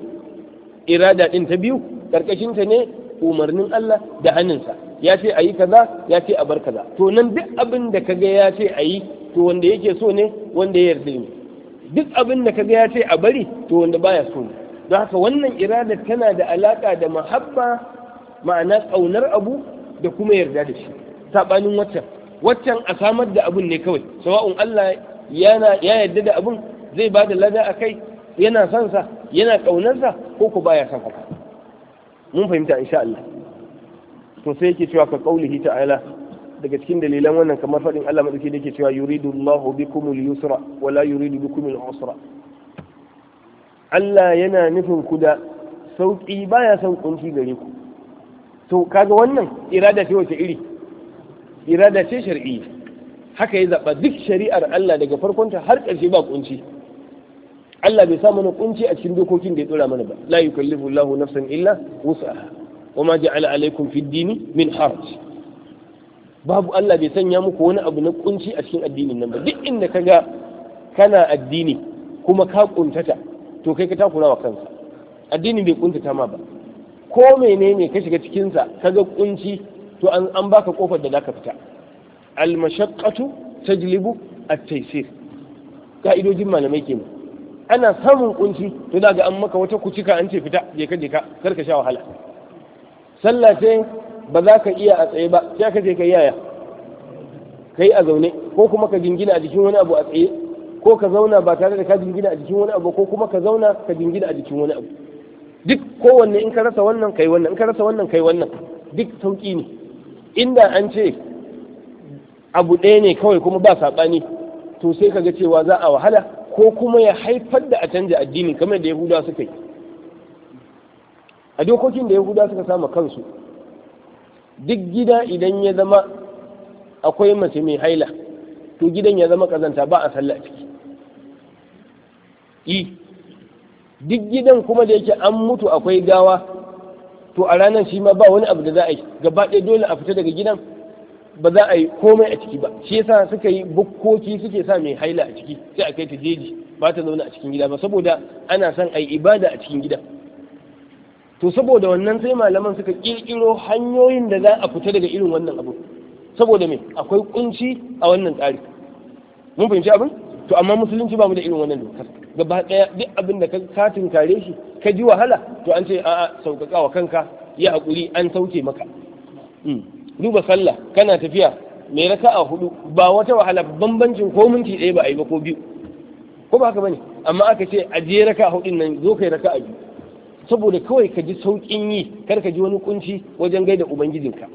irada ɗin ta biyu ƙarƙashin ta ne umarnin Allah da hannunsa ya ce a yi kaza ya ce a bar kaza to nan duk abin da ka ga ya ce a yi to wanda yake so ne wanda ya yarda ne duk abin da ka ga ya ce a bari to wanda baya so ne don haka wannan irada tana da alaƙa da mahabba ma'ana ƙaunar abu da kuma yarda da shi saɓanin waccan waccan a samar da abun ne kawai sawa'un Allah ya yarda da abun zai ba da lada a kai yana son sa yana ƙaunarsa ko ku baya son haka mun fahimta insha Allah to sai yake cewa ka qaulihi ta'ala daga cikin dalilan wannan kamar faɗin Allah madaki da yake cewa yuridu Allahu al yusra wala yuridu al usra Allah yana nufin ku da sauki baya son kunci gare ku to kaga wannan irada ce wace iri irada ce shar'i haka ya zaɓa duk shari'ar Allah daga farkonta har ƙarshe ba kunci Allah bai sa mana kunci a cikin dokokin da ya tsora mana ba la yukallifu Allahu nafsan illa wus'aha wa ma ja'ala alaikum fid dini min haraj babu Allah bai sanya muku wani abu na kunci a cikin addinin nan ba duk inda kaga kana addini kuma ka kuntata to kai ka takura wa kansa addini bai kuntata ma ba ko menene ka shiga cikinsa kaga kunci to an baka kofar da zaka fita al-mashaqqatu tajlibu at-taysir ka'idojin malamai kenan ana samun kunci to daga an maka wata kucika an ce fita je ka je ka kar ka sha wahala sallah sai ba za ka iya a tsaye ba sai ka je ka yaya kai a zaune ko kuma ka jingina a jikin wani abu a tsaye ko ka zauna ba tare da ka jingina a jikin wani abu ko kuma ka zauna ka jingina a jikin wani abu duk kowanne in ka rasa wannan kai wannan in ka rasa wannan kai wannan duk sauki ne inda an ce abu ɗaya ne kawai kuma ba saɓani to sai ga cewa za a wahala ko kuma ya haifar da a canja addini kamar da yahudawa suka yi a dokokin da yahudawa suka sama kansu duk gida idan ya zama akwai mace mai haila to gidan ya zama kazanta ba a sallah ciki i duk gidan kuma da yake an mutu akwai gawa to a ranar shi ma ba wani abu da za a yi gaba ɗaya dole a fita daga gidan ba za a yi komai a ciki ba shi yasa suka yi bukkoki suke sa mai haila a ciki sai a kai ta jeji ba ta zauna a cikin gida ba saboda ana son a yi ibada a cikin gida to saboda wannan sai malaman suka kirkiro hanyoyin da za a fita daga irin wannan abu saboda me akwai kunci a wannan tsari mun fahimci abin to amma musulunci ba mu da irin wannan dokar gaba daya duk abin da ka kare shi ka ji wahala to an ce a sauƙaƙa wa kanka ya haƙuri an sauke maka hmm. duba sallah kana tafiya mai a hudu ba wata wahala bambancin ko minti ɗaya ba a yi ba ko biyu ko ba haka bane amma aka ce a je a hudun nan zo kai raka biyu saboda kawai ka ji sauƙin yi kar ka ji wani kunci wajen gaida ubangijinka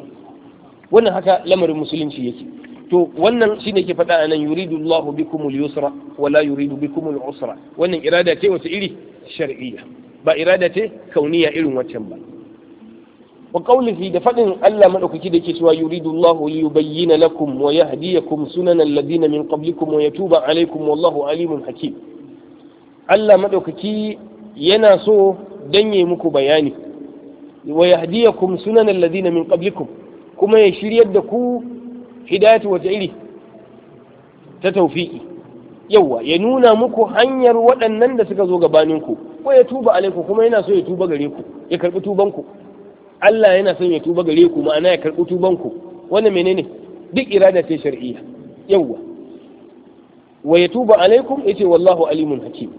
wannan haka lamarin musulunci yake to wannan shine ke faɗa nan, yuridu Allahu bikum al-yusra wa la yuridu bikum al-usra wannan irada ce wace iri shar'iyya ba irada ce kauniya irin waccan ba wa qawlihi da faɗin Allah madaukaki da yake cewa yuridu Allahu li yubayyana lakum wa yahdiyakum sunanal ladina min qablikum wa yatuba alaykum wallahu alimun hakim Allah madaukaki yana so danye muku bayani wa yahdiyakum sunanal ladina min qablikum kuma ya shiryar da ku hidayatu wata iri ta taufi'i yawa ya nuna muku hanyar waɗannan da suka zo gabaninku ko ya tuba alaiku kuma yana so ya tuba gare ku ya karɓi tubanku Allah yana son ya tuba gare ku ma'ana ya karɓi tubanku wannan menene duk irada ce shar'iyya yawa wa ya tuba alaikum yace wallahu alimun hakim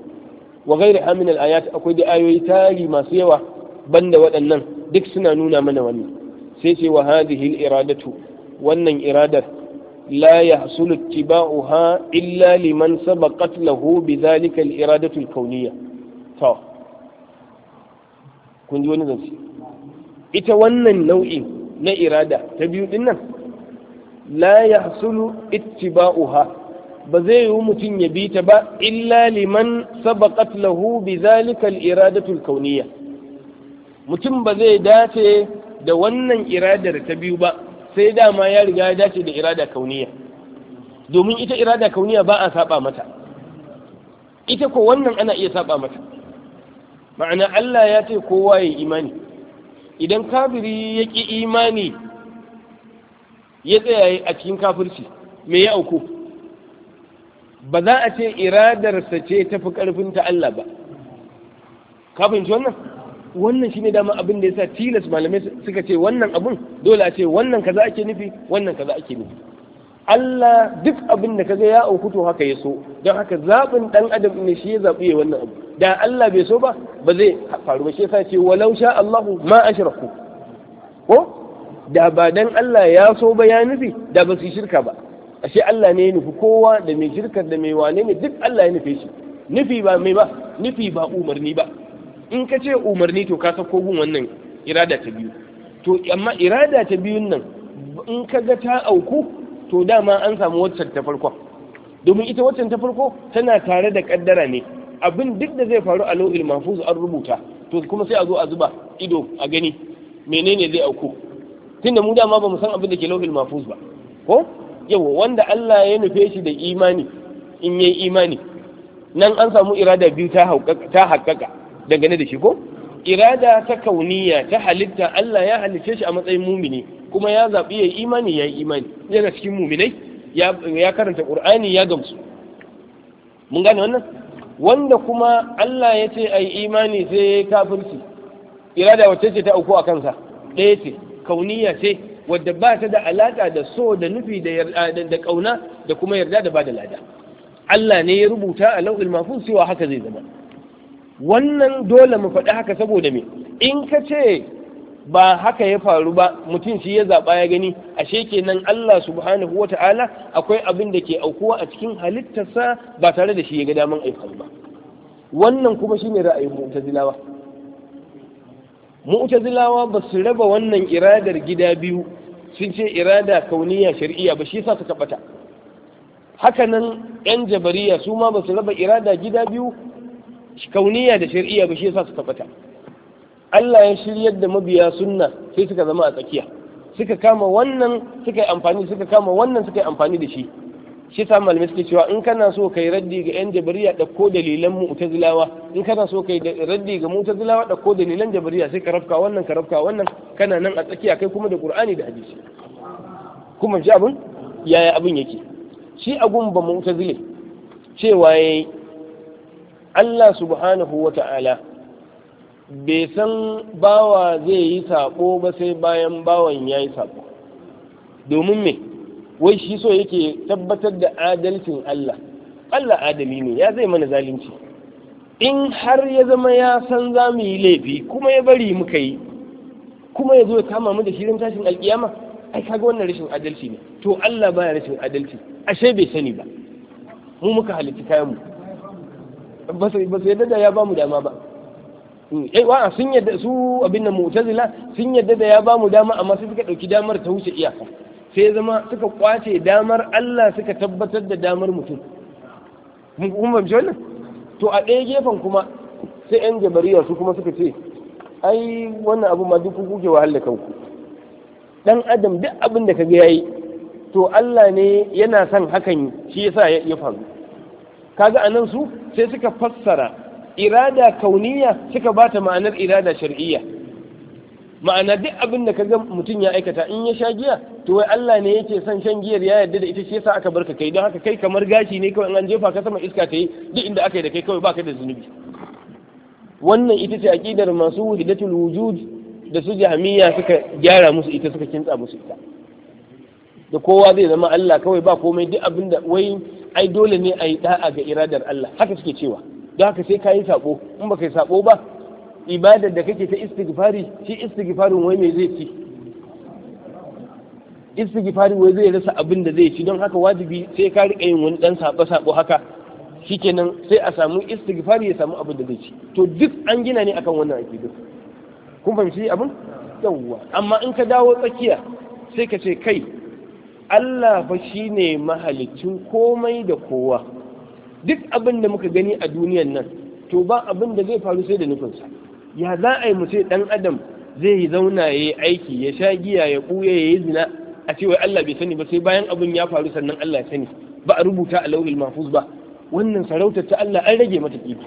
wa da amin al-ayat akwai da ayoyi tari masu yawa banda waɗannan duk suna nuna mana wannan sai ce wa hadhihi al-iradatu wannan iradar la yahsulu ittiba'uha illa liman sabaqat lahu bidhalika al-iradatu al-kawniyya to kun ji wani zance ita wannan nau'i na irada ta biyu din nan la yahsulu ittiba'uha ba zai yi mutum ya bi ta ba illa liman sabaqat lahu bidhalika al-iradatu al-kawniyya mutum ba zai dace da wannan iradar ta biyu ba sai dama ya riga ya dace da irada kauniya domin ita irada kauniya ba a saba mata ita ko wannan ana iya saba mata ma'ana Allah ya ce kowa ya imani idan kafiri ya ƙi imani ya tsaya a cikin kafirci me ya auku ba za a ce iradarsa ce tafi ƙarfin ta Allah ba kafin wannan wannan shine dama abin da yasa tilas malamai suka ce wannan abun dole a ce wannan kaza ake nufi wannan kaza ake nufi Allah duk abin da kaga ya auku to haka ya so don haka zaɓin ɗan adam ne shi ya zaɓi ya wannan abu da Allah bai so ba ba zai faru ba shi yasa ce walau sha Allahu ma ashraku ko da ba dan Allah ya so ba ya nufi da ba su shirka ba ashe Allah ne ya nufi kowa da mai shirkar da mai wane ne duk Allah ya nufi shi nufi ba mai ba nufi ba umarni ba in ka ce umarni to ka sako gun wannan irada ta biyu to amma irada ta biyun nan in ka ga ta auku to dama an samu waccan ta farko domin ita waccan ta farko tana tare da kaddara ne abin duk da zai faru a lauhil mahfuz an rubuta to kuma sai a zo a zuba ido a gani menene zai auku tunda mu dama ba mu san abin da ke lauhil mahfuz ba ko yawa wanda Allah ya nufe shi da imani in yayi imani nan an samu irada biyu ta haƙƙaƙa dangane da shi ko irada ta kauniya ta halitta Allah ya halice shi a matsayin mumini kuma ya zaɓi ya imani ya yi imani yana cikin muminai ya karanta ƙur'ani ya gamsu mun gane wannan wanda kuma Allah ya ce a yi imani sai kafirci irada wacce ce ta auku a kansa ɗaya ce kauniya ce wadda ba ta da alaƙa da so da nufi da ƙauna da kuma yarda da ba da lada Allah ne ya rubuta a lau'il mafus cewa haka zai zama wannan dole mu faɗi haka saboda me in ka ce ba haka ya faru ba mutum shi ya zaɓa ya gani ashe kenan Allah subhanahu wa ta'ala akwai abin da ke aukuwa a cikin halittarsa ba tare da shi ya ga daman aifaru ba wannan kuma shi ne ra'ayin mu'tazilawa mu'tazilawa ba su raba wannan iradar gida biyu sun ce irada kauniya shari'iya ba shi yasa suka bata nan yan jabariya su ma ba su raba irada gida biyu kauniya da shari'a ba shi yasa su tabbata Allah ya shiryar da mabiya sunna sai suka zama a tsakiya suka kama wannan suka yi amfani suka kama wannan suka yi amfani da shi shi sa malamai suke cewa in kana so kai raddi ga yan jabariya da ko dalilan mu'tazilawa in kana so kai raddi ga mu'tazilawa da ko dalilan jabariya sai ka rafka wannan ka rafka wannan kana nan a tsakiya kai kuma da qur'ani da hadisi kuma shi abin yaya abin yake shi agun ba mu'tazile cewa yayi Allah subhanahu wa ta'ala bai san bawa zai yi saƙo ba sai bayan bawan ya yi saƙo. domin me wai shi so yake tabbatar da adalcin Allah Allah adali ne ya zai mana zalunci in har ya zama ya san za mu yi laifi kuma ya bari muka yi kuma ya zo ya kama mu da shirin tashin alkiyama ai kaga wannan rashin adalci ne to Allah baya rashin adalci ashe bai sani ba mu muka halitta kayan mu ba su yadda da ya bamu dama ba hmm. eh wa sun yadda su abin nan mu'tazila sun yadda da ya bamu dama amma sai suka dauki damar ta wuce iyaka sai zama suka kwace damar Allah suka tabbatar da damar mutum mun kuma bi wannan to a ɗaya gefen kuma sai yan jabariya su kuma suka ce ai wannan abu ma duk kuke wahala kanku dan adam duk abin da kaga yayi to Allah ne yana son hakan shi yasa ya faru kaga anan su sai suka fassara irada kauniya suka bata ma'anar irada shar'iyya ma'ana duk abin da kaga mutum ya aikata in ya sha giya to wai Allah ne yake son shan giyar ya yarda da ita shi yasa aka barka kai don haka kai kamar gashi ne kawai in an jefa ka sama iska ta yi duk inda aka yi da kai kawai baka da zunubi wannan ita ce aqidar masu wuhidatul wujud da su jahmiya suka gyara musu ita suka kintsa musu ita da kowa zai zama Allah kawai ba komai duk abin da wai ai dole ne a yi da'a ga iradar Allah haka suke cewa don haka sai ka yi in baka yi sabo ba ibadar da kake ta istighfari shi istighfarin wai me zai ci istighfarin wai zai rasa abin da zai ci don haka wajibi sai ka rika yin wani dan sabo saƙo haka shikenan sai a samu istighfari ya samu abin da zai ci to duk an gina ne akan wannan duk? kun fahimci abin yawwa amma in ka dawo tsakiya sai ka ce kai Allah ba shi ne mahalicin komai da kowa duk abin da muka gani a duniyan nan to ba abin da zai faru sai da nufinsa ya za a yi mutum dan adam zai yi zauna ya yi aiki ya sha giya ya ɓuya ya yi zina a cewa Allah bai sani ba sai bayan abin ya faru sannan Allah ya sani ba a rubuta a lauhil mahfuz ba wannan sarautar ta Allah an rage mata kifi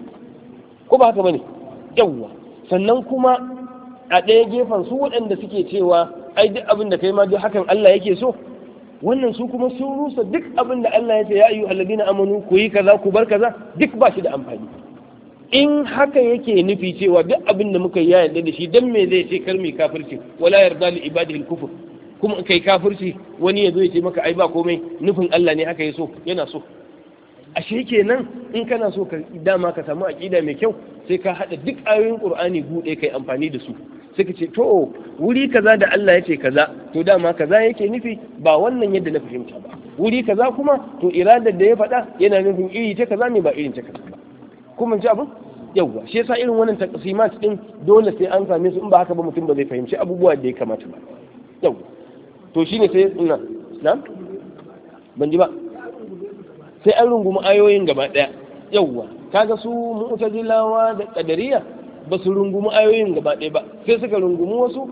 ko ba haka bane yawwa sannan kuma a ɗaya gefen su waɗanda suke cewa ai duk abin da kai ma duk hakan Allah yake so wannan su kuma sun rusa duk abin da Allah ya ce ya yi ladina amanu ku yi kaza ku bar kaza duk ba shi da amfani in haka yake nufi cewa duk abin da muka ya yarda da shi dan me zai ce kar mai kafirci wala yarda li ibadihi kufur kuma kai kafirci wani ya zo ya ce maka ai ba komai nufin Allah ne haka ya so yana so ashe kenan in kana so ka dama ka samu aƙida mai kyau sai ka haɗa duk ayoyin ƙur'ani buɗe kai amfani da su sai ka ce to wuri kaza da Allah ya ce kaza to dama kaza yake nufi ba wannan yadda na fahimta ba wuri kaza kuma to iradar da ya faɗa yana nufin iri ta kaza ne ba irin ta kaza ba kuma ji abu yawwa shi yasa irin wannan taqsimat din dole sai an same su in ba haka ba mutum ba zai fahimci abubuwa da ya kamata ba yawwa to shine sai ina ban ji ba sai an rungumi ayoyin gaba ɗaya yawwa kaga su mu'tazilawa da qadariyya ba su rungumi ayoyin gaba ɗaya ba sai suka rungumi wasu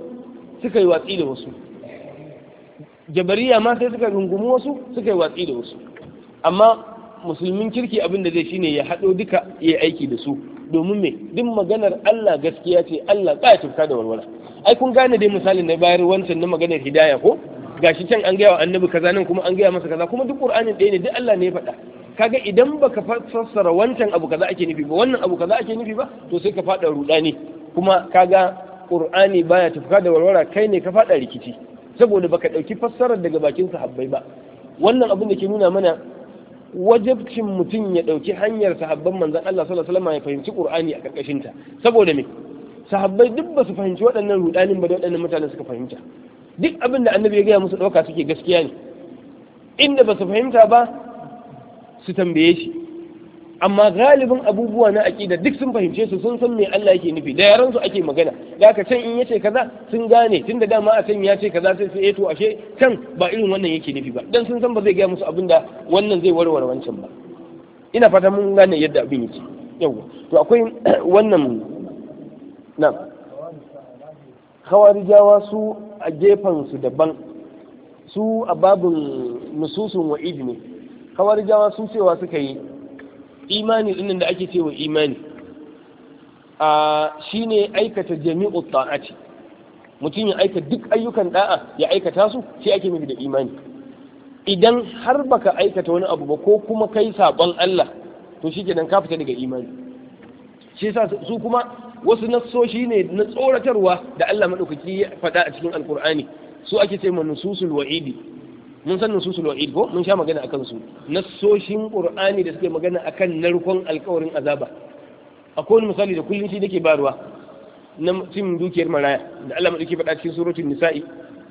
suka yi watsi da wasu jabariya ma sai suka rungumi wasu suka yi watsi da wasu amma musulmin kirki abin da zai shine ya haɗo duka ya aiki da su domin me duk maganar Allah gaskiya ce Allah ba ya tufka da walwala ai kun gane dai misalin na bayar wancan na maganar hidaya ko gashi can an gaya wa annabi kaza nan kuma an gaya masa kaza kuma duk qur'anin ɗaya ne duk Allah ne ya faɗa kaga idan baka fassara wancan abu kaza ake nufi ba wannan abu kaza ake nufi ba to sai ka faɗa rudani kuma kaga qur'ani baya tafka da warwara kai ne ka faɗa rikici saboda baka ɗauki fassarar daga bakin sahabbai ba wannan abin da ke nuna mana wajabcin mutum ya ɗauki hanyar sahabban manzan Allah sallallahu alaihi wasallam ya fahimci Qur'ani a karkashin ta saboda me sahabbai duk ba su fahimci waɗannan rudanin ba da waɗannan mutane suka fahimta duk abin da annabi ya gaya musu ɗauka suke gaskiya ne inda ba su fahimta ba su tambaye shi amma galibin abubuwa na aƙida duk sun fahimce su sun san me Allah yake nufi da yaran su ake magana da aka can in yace kaza sun gane tun da dama a can ya ce kaza sai su eto eh, ashe can ba irin wannan yake nufi ba dan sun san ba zai gaya musu abin da wannan zai warware wancan ba ina fata mun gane yadda abin yake yawa to akwai wannan na khawarijawa su a su daban su a babin nususun wa'id ne kawar jawa su cewa suka yi imani dinnan da ake cewa imani a shine aikata jami'u ta'ati mutum ya aika duk ayyukan da'a ya aikata su sai ake mafi da imani idan har baka aikata wani abu ba ko kuma kai sabon Allah to shi nan ka fita daga imani shi su kuma wasu nassoshi ne na tsoratarwa da Allah madaukaki ya faɗa a cikin alkur'ani su ake ce nususul wa'idi mun san nususul wa'id ko mun sha magana akan su nassoshin qur'ani da suke magana akan narkon alƙawarin azaba akwai misali da kullum shi nake barwa na cin dukiyar maraya da Allah madauki faɗa cikin suratul nisa'i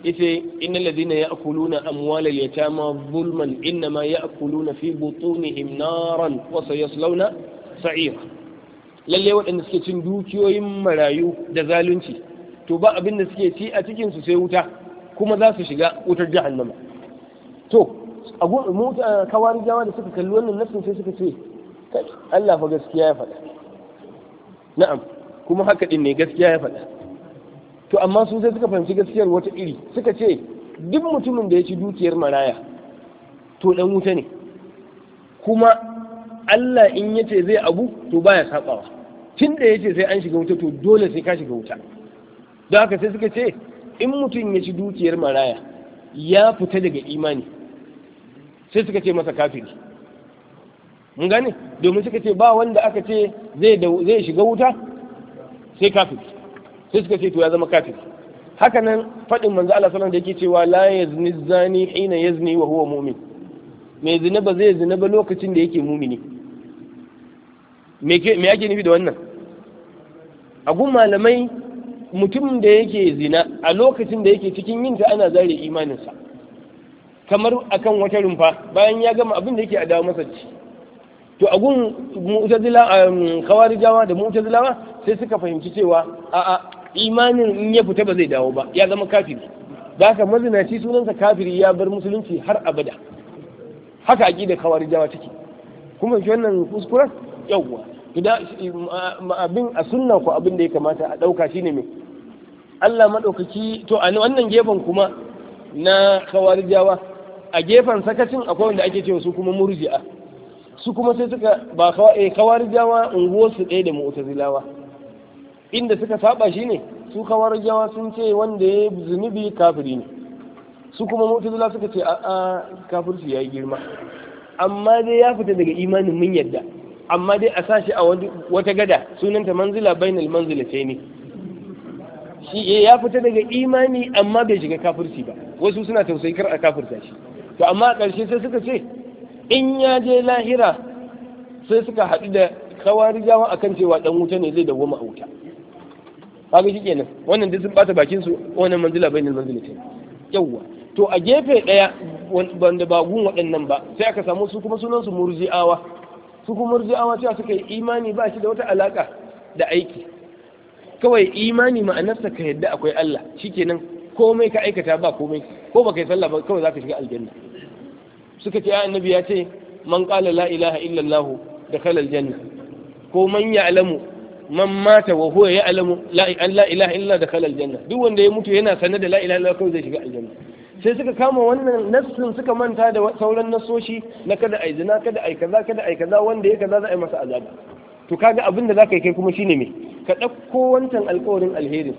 yace innal ladina ya'kuluna amwala yatama zulman inma ya'kuluna fi butunihim naran wa sayaslawna sa'ira lalle waɗanda suke cin dukiyoyin marayu da zalunci to ba abin da suke ci a cikin su sai wuta kuma za su shiga wutar jahannama to mu kawari jawa da suka kalli wannan nasin sai suka ce Allah fa gaskiya ya faɗa na'am kuma haka din ne gaskiya ya faɗa to amma su sai suka fahimci gaskiyar wata iri suka ce duk mutumin da ya ci dukiyar maraya to dan wuta ne kuma Allah in ya ce zai abu to baya sabawa tun da ya ce sai an shiga wuta to dole sai ka shiga wuta don haka sai suka ce in mutum ya ci dukiyar maraya ya fita daga imani sai suka ce masa kafiri mun gane domin suka ce ba wanda aka ce zai shiga wuta sai kafiri sai suka ce to ya zama kafiri haka nan faɗin manzo Allah sallallahu alaihi wasallam da yake cewa la yazni zani hina yazni wa huwa mu'min mai zina ba zai zina ba lokacin da yake mumini me yake nufi da wannan a gun malamai mutum da yake zina a lokacin da yake cikin yinta ana zare imaninsa kamar akan wata rumfa bayan ya gama abin da yake a dawo masa to a gun um, kawarijawa da mu'tazilawa sai suka fahimci cewa a'a imanin in ya fita ba zai dawo ba ya zama kafiri da haka mazinaci sunansa kafiri ya bar musulunci har abada haka aqidar khawarijawa take kuma shi wannan kuskuren yawwa idan abin a sunna ko abin da ya kamata a dauka shine me Allah madaukaki to a wannan gefen kuma na jawa a gefen sakacin akwai wanda ake cewa su kuma murji'a su kuma sai suka ba eh, khawarijawa unguwarsu ɗaya da mu'tazilawa inda suka saba shine su jawa sun ce wanda ya zunubi kafiri ne su kuma mutazila suka ce a'a kafirci yi girma amma dai ya fita daga imanin mun yadda amma dai a sashi a wata gada sunanta manzila bainal manzila ce ne shi eh, ya fita daga imani amma bai shiga kafirci ba wasu suna tausayi kar a kafirta shi to amma a ƙarshe sai suka ce in ya je lahira sai suka haɗu da a akan cewa dan wuta ne zai dawo a wuta kaga shi kenan wannan duk sun bata bakin su wannan manzila bainal manzila ce yawwa to a gefe ɗaya wanda ba gun waɗannan ba sai aka samu su kuma sunansu murji'awa su kuma murji'awa cewa suka yi imani ba shi da wata alaka da aiki kawai imani ma'anarsa ka yadda akwai Allah shikenan komai ka aikata ba komai ko baka yi sallah ba kawai zaka shiga aljanna suka ce annabi ya ce man qala la ilaha da dakhala aljanna ko man ya'lamu man mata wa huwa ya'lamu la ilaha illa dakhala aljanna duk wanda ya mutu yana sanar da la ilaha illallah kawai zai shiga aljanna sai suka kama wannan nassun suka manta da sauran nassoshi na kada ai zina kada ai kaza kada ai kaza wanda ya kaza za a yi masa azabi to kaga abin da zaka yi kai kuma shine me ka ɗauko wancan alƙawarin alherin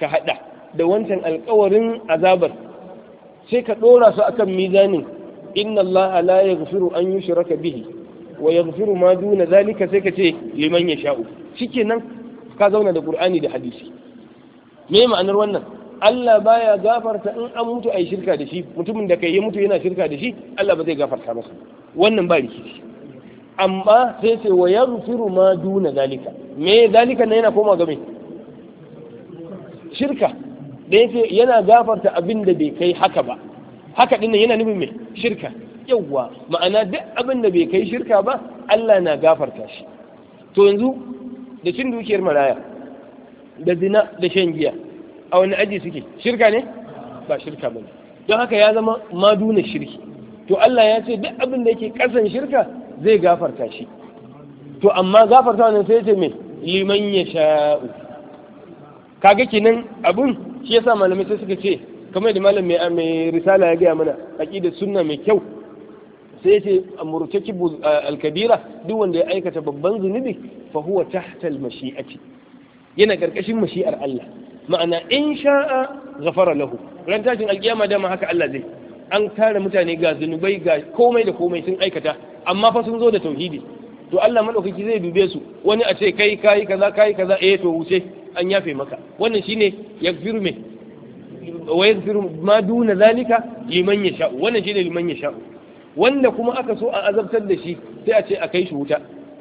ka haɗa da wancan alƙawarin azabar sai ka ɗora su akan mizanin inna Allah la yaghfiru an yushraka bihi wa yaghfiru ma duna zalika sai ka ce liman yasha'u shikenan ka zauna da Qur'ani da hadisi me ma'anar wannan Allah baya gafarta in an mutu a yi shirka da shi mutumin da kai ya mutu yana shirka da shi Allah ba zai gafarta masa wannan ba rikici amma sai sai wa yaghfiru ma duna zalika me zalika na yana koma game shirka da yake yana gafarta abin da bai kai haka ba haka dinnan yana nufin me shirka yawwa ma'ana duk abin da bai kai shirka ba Allah na gafarta shi to yanzu da cin dukiyar maraya da zina da shan giya a wani aji suke shirka ne ba shirka bane don haka ya zama maduna shirki to Allah ya ce duk abin da yake kasan shirka zai gafarta shi to amma gafarta wannan sai ce me liman yasha'u kaga kenan abun shi yasa malamai sai suka ce kamar da malam mai risala ya gaya mana aqida sunna mai kyau sai ya ce amurtaki al-kabira duk wanda ya aikata babban zunubi fa huwa tahta al-mashi'ati yana karkashin mashi'ar Allah ma'ana in sha'a zafara lahu ran tashin alkiyama dama haka Allah zai an tare mutane ga zunubai ga komai da komai sun aikata amma fa sun zo da tauhidi to Allah madaukaki zai dube su wani a ce kai kai kaza kai kaza eh to wuce an yafe maka wannan shine yaghfiru me wa yaghfiru ma duna zalika liman yasha wannan shine liman yasha wanda kuma aka so a azabtar da shi sai a ce a kai shi wuta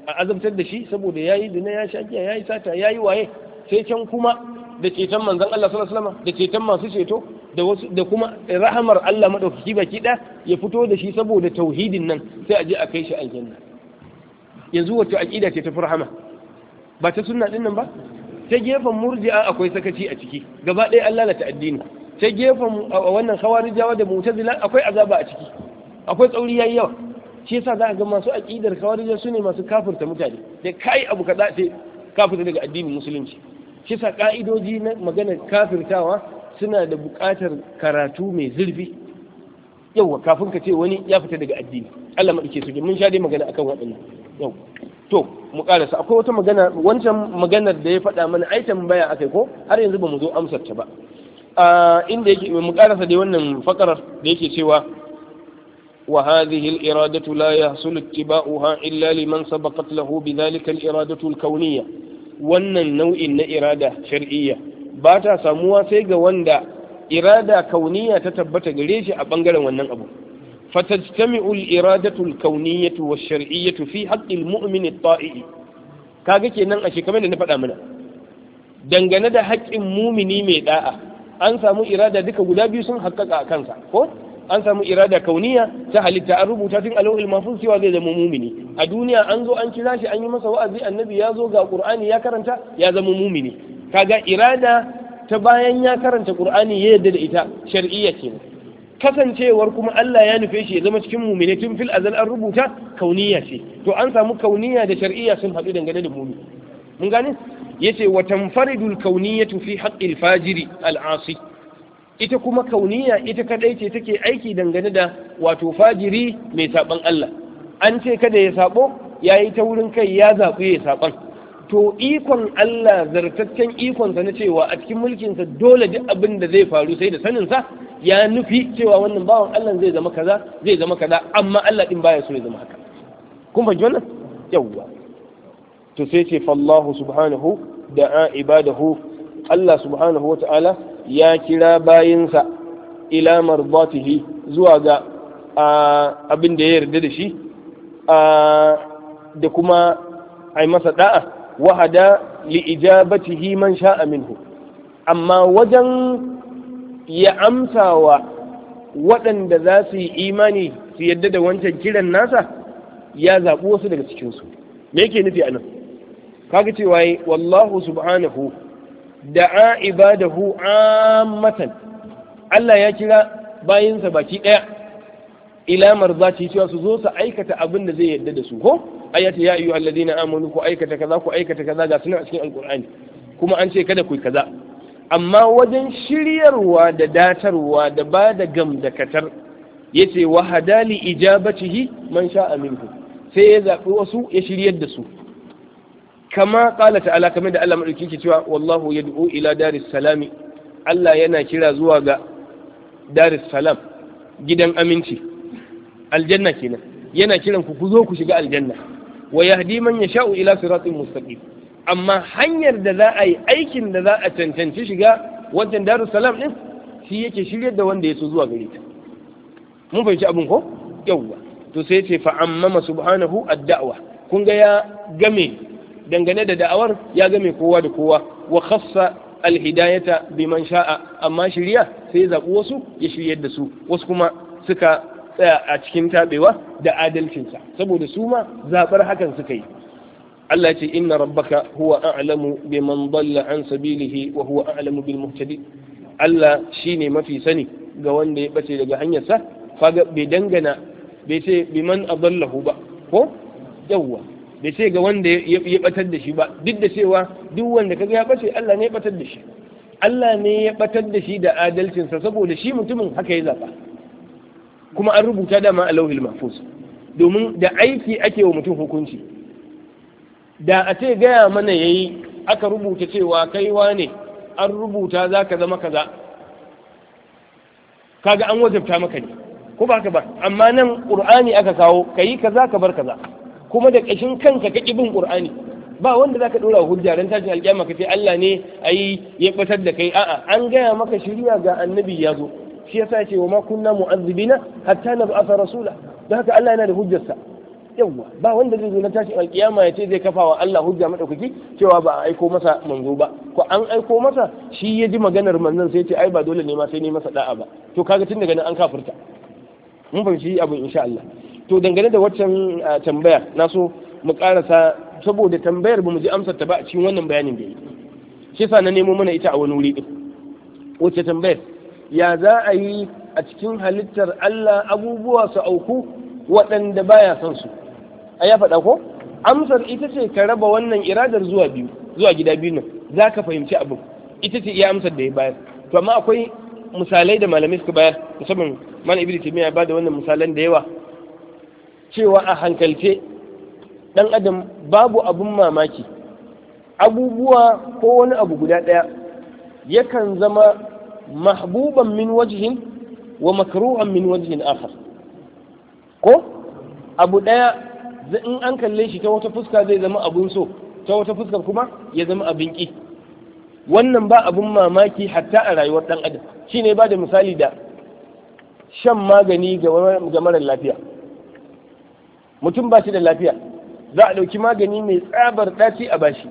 a azabtar da shi saboda yayi dina ya sha ya yayi sata yayi waye sai can kuma da ceton manzon Allah sallallahu alaihi wasallam da ceton masu ceto da wasu da kuma rahamar Allah madaukaki baki da ya fito da shi saboda tauhidin nan sai a je a kai shi aljanna yanzu wato aqida ce ta furhama ba ta sunna din nan ba ta gefen murji'a akwai sakaci a ciki gaba ɗaya Allah lalata addini ta gefen wannan khawarijawa da mu'tazila akwai azaba a ciki akwai tsauri yayi yawa shi yasa za a ga masu aqidar khawarija sune masu kafirta mutane da kai abu kaza sai kafirta daga addinin musulunci kisa ka'idoji na maganar kafirtawa suna da buƙatar karatu mai zurfi yauwa kafin ka ce wani ya fita daga addini Allah maɗauke su mun sha dai magana akan waɗannan yau to mu ƙarasa akwai wata magana wancan maganar da ya faɗa mana ai tambaya akai ko har yanzu ba mu zo amsar ta ba inda yake mu ƙarasa dai wannan fakarar da yake cewa yahsulu الإرادة لا يحصل اتباعها إلا لمن سبقت al iradatu al الكونية wannan nau'in na irada shar'iyya ba ta samuwa sai ga wanda irada kauniya ta tabbata gare shi a bangaren wannan abu fatajtami'u al-iradatu al-kawniyatu wash-shar'iyyatu fi haqqi al-mu'min at-ta'i kaga kenan a shekarun da na faɗa mana dangane da haƙƙin mumini mai da'a an samu irada duka guda biyu sun haƙƙaƙa a kansa ko an samu irada kauniya ta halitta an rubuta tun alawul mahfuz cewa zai zama mumini a duniya an zo an kira shi an yi masa wa'azi annabi ya zo ga qur'ani ya karanta ya zama mumini kaga irada ta bayan ya karanta qur'ani ya yadda da ita shar'iyya ce kasancewar kuma Allah ya nufe shi ya zama cikin mumini tun fil azal an rubuta kauniya ce to an samu kauniya da shar'iyya sun haɗu dangane da mumini mun gane yace wa tanfaridul kauniyatu fi haqqil fajiri al-asi ita kuma kauniya ita kadai ce take aiki dangane da wato fajiri mai saban Allah an ce kada ya sabo yi ta wurin kai ya zaɓi ya saban to ikon Allah zartaccen ikonsa na cewa a cikin mulkinsa dole duk abin da zai faru sai da saninsa ya nufi cewa wannan bawan Allah zai zama kaza zai zama kaza amma Allah din baya so ya zama haka kun fahimci wannan yawwa to sai ce fallahu subhanahu da'a ibadahu Allah subhanahu wa ta'ala ya kira bayinsa ilamar marbatihi zuwa ga abin da ya yarda da shi da kuma ai masa da'a wahada li ijabatihi man sha'a minhu amma wajen ya amsawa waɗanda za su yi imani su yadda da wancan kiran nasa ya zaɓi wasu daga cikinsu me yake nufi a nan kaga cewa wallahu subhanahu Da da'a ibadahu ammatan Allah ya kira bayinsa baki daya ila marzati cewa su zo su aikata abin da zai yadda da su ko ayati ya ayu ladina amanu ku aikata kaza ku aikata kaza ga sunan a cikin alqur'ani kuma an ce kada ku kaza amma wajen shiryarwa da datarwa da ba da gamdakatar yace wa hadali ijabatihi man sha'a minkum sai ya zaɓi wasu ya shiryar da su kama kala ta'ala kamar da Allah madauki ke cewa wallahu yad'u ila daris salami Allah yana kira zuwa ga daris salam gidan aminci aljanna kenan yana kiran ku ku zo ku shiga aljanna wa yahdi man yasha'u ila siratin mustaqim amma hanyar da za a yi aikin da za a tantance shiga wajen daris salam din shi yake shiryar da wanda ya so zuwa gare ta mun fahimci abin ko yawwa to sai ce fa amma subhanahu ad-da'wa kun ga ya game dangane da da'awar ya ga mai kowa da kowa wa khassa alhidayata biman sha'a amma shirya sai ya zaɓi wasu ya shiryar da su wasu kuma suka tsaya a cikin tabewa da adalcinsa saboda su ma zaɓar hakan suka yi Allah ce inna rabbaka huwa a'lamu biman dalla an sabilihi wa huwa a'lamu bil muhtadi Allah shine mafi sani ga wanda ya bace daga hanyarsa kaga bai dangana bai ce biman adallahu ba ko yawwa bai ce ga wanda ya batar da shi ba duk da cewa duk wanda kaga ya bace Allah ne ya batar da shi Allah ne ya batar da shi da adalcinsa saboda shi mutumin haka ya zaba kuma an rubuta dama a lauhil mahfuz domin da aiki ake wa mutum hukunci da a ce gaya mana yayi aka rubuta cewa kai wane an rubuta zaka zama kaza kaga an wajabta maka ne ko ba ka ba amma nan ƙur'ani aka kawo kayi kaza ka bar kaza kuma da kashin kanka ka bin qur'ani ba wanda zaka dora hujja dan tashin alƙiyama ka ce Allah ne ai ya batar da kai a'a an gaya maka shiriya ga annabi ya zo shi yasa ce wa ma kunna na hatta nab'atha rasula dan haka Allah yana da hujjarsa yawwa ba wanda zai zo na tashin alƙiyama ya ce zai kafa wa Allah hujja madaukaki cewa ba a aiko masa manzo ba ko an aiko masa shi ya ji maganar manzon sai ya ce ai ba dole ne ma sai ne masa ɗa'a ba to kaga tun daga nan an kafirta mun fahimci abu insha Allah to dangane da waccan tambaya na so mu karasa saboda tambayar ba mu ji amsar ta ba a cikin wannan bayanin da yi shi yasa na nemo mana ita a wani wuri din wacce tambayar ya za a yi a cikin halittar Allah abubuwa su auku waɗanda baya son su a ya faɗa ko amsar ita ce ka raba wannan iradar zuwa biyu zuwa gida biyu nan za ka fahimci abu ita ce iya amsar da ya bayar to amma akwai misalai da malamai suka bayar musamman mana ibnu taymiya ba da wannan misalan da yawa cewa a hankalce ɗan adam babu abun mamaki abubuwa ko wani abu guda ɗaya yakan zama mahbuban min wajihin wa makruhan min wajihin akhar ko abu ɗaya in an kalle shi ta wata fuska zai zama abun so ta wata fuska kuma ya zama abin ƙi wannan ba abun mamaki hatta a rayuwar ɗan adam shine ba da misali da shan magani ga mara lafiya mutum ba shi da lafiya za a ɗauki magani mai tsabar ɗaci a bashi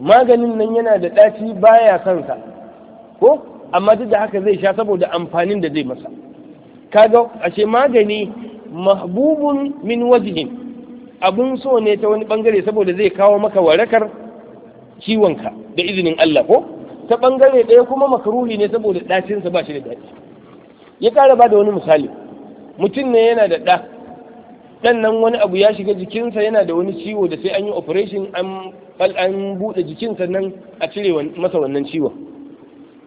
maganin nan yana da ɗaci baya kansa ko amma duk da haka zai sha saboda amfanin da zai masa kaga ashe magani mahbubun min wajihin abun so ne ta wani bangare saboda zai kawo maka warakar ciwonka da izinin Allah ko ta bangare ɗaya kuma makaruhi ne saboda ɗacinsa ba shi da ɗaci. ya ƙara ba da wani misali mutum ne yana da ɗa dan nan wani abu ya shiga jikinsa yana da wani ciwo da sai an yi operation an an buɗe jikinsa nan a cire masa wannan ciwon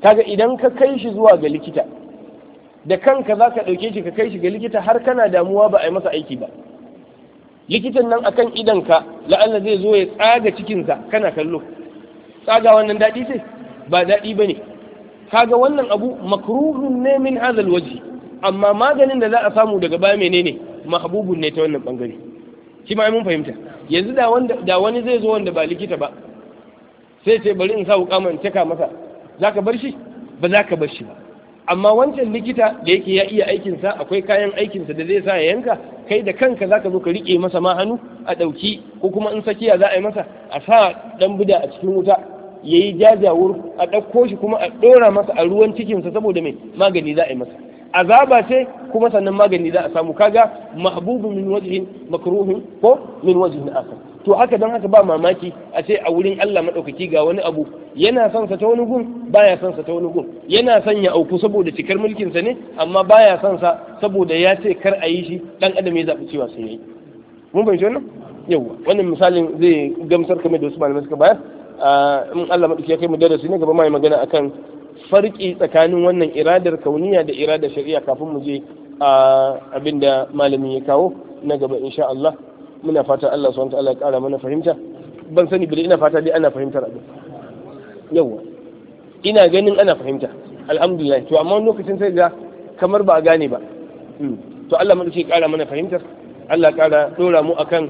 kaga idan ka kai shi zuwa ga likita da kanka za ka ɗauke shi ka kai shi ga likita har kana damuwa ba a yi masa aiki ba likitan nan akan idanka la'alla zai zo ya tsaga cikinsa kana kallo tsaga wannan daɗi sai ba daɗi ba ne kaga wannan abu makruhun ne min hazal waji amma maganin da za a samu daga baya menene mahabubun ne ta wannan bangare shi ma mun fahimta yanzu da wanda da wani zai zo wanda ba likita ba sai ce bari in sa hukaman in taka masa zaka bar shi ba zaka bar shi ba amma wancan likita da yake ya iya aikin sa akwai kayan aikinsa da zai sa ya yanka kai da kanka zaka zo ka rike masa ma hannu a ɗauki ko kuma in sakiya za a yi masa a sa ɗan bida a cikin wuta yayi yi jajawur a ɗauko shi kuma a ɗora masa a ruwan cikinsa saboda mai magani za a yi masa azaba ce kuma sannan magani za a samu kaga mahbubu min wajhin makruhun ko min wajhin akhar to haka dan haka ba mamaki a ce a wurin Allah madaukaki ga wani abu yana son sa ta wani gun baya son sa ta wani gun yana son ya auku saboda cikar mulkin sa ne amma baya son sa saboda ya ce kar a yi shi dan adam ya zabi cewa sai yayi mun bai wannan yawa wannan misalin zai gamsar kamar da wasu malamai suka bayar ah, in Allah madaukaki ya kai mu darasi ne gaba mai magana akan farki tsakanin wannan iradar kauniya da iradar shari'a kafin mu je abin da malamin ya kawo na gaba insha Allah muna fata Allah subhanahu ta'ala ya kara mana fahimta ban sani bile ina fata dai ana fahimtar abin yawa ina ganin ana fahimta alhamdulillah to amma lokacin sai ga kamar ba a gane ba hmm. to Allah madauki ya kara mana fahimtar Allah kara dora mu akan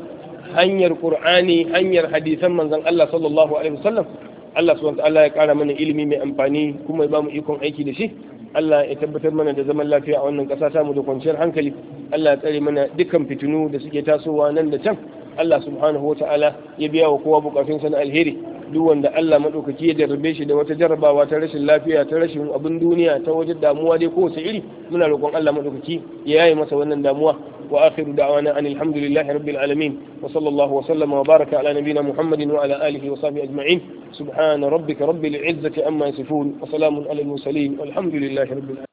hanyar Qur'ani hanyar hadisan manzon Allah sallallahu alaihi wasallam Allah subhanahu ta'ala ya kara mana ilimi mai amfani kuma ya bamu ikon aiki da shi Allah ya tabbatar mana da zaman lafiya a wannan ƙasa ta mu da kwanciyar hankali Allah ya tsare mana dukkan fitinu da suke tasowa nan da can Allah subhanahu wa ta'ala ya biya wa kowa bukatunsa na alheri duk wanda Allah maɗaukaki ya jarrabe shi da wata jarrabawa ta rashin lafiya ta rashin abin duniya ta wajen damuwa dai kowace iri muna roƙon Allah madaukaki ya yaye masa wannan damuwa wa akhiru da'wana an alhamdulillahi rabbil alamin wa sallallahu wa sallama wa baraka ala nabiyyina muhammadin wa ala alihi wa sahbihi ajma'in subhana rabbika rabbil izzati amma yasifun wa salamun alal mursalin walhamdulillahi rabbil alamin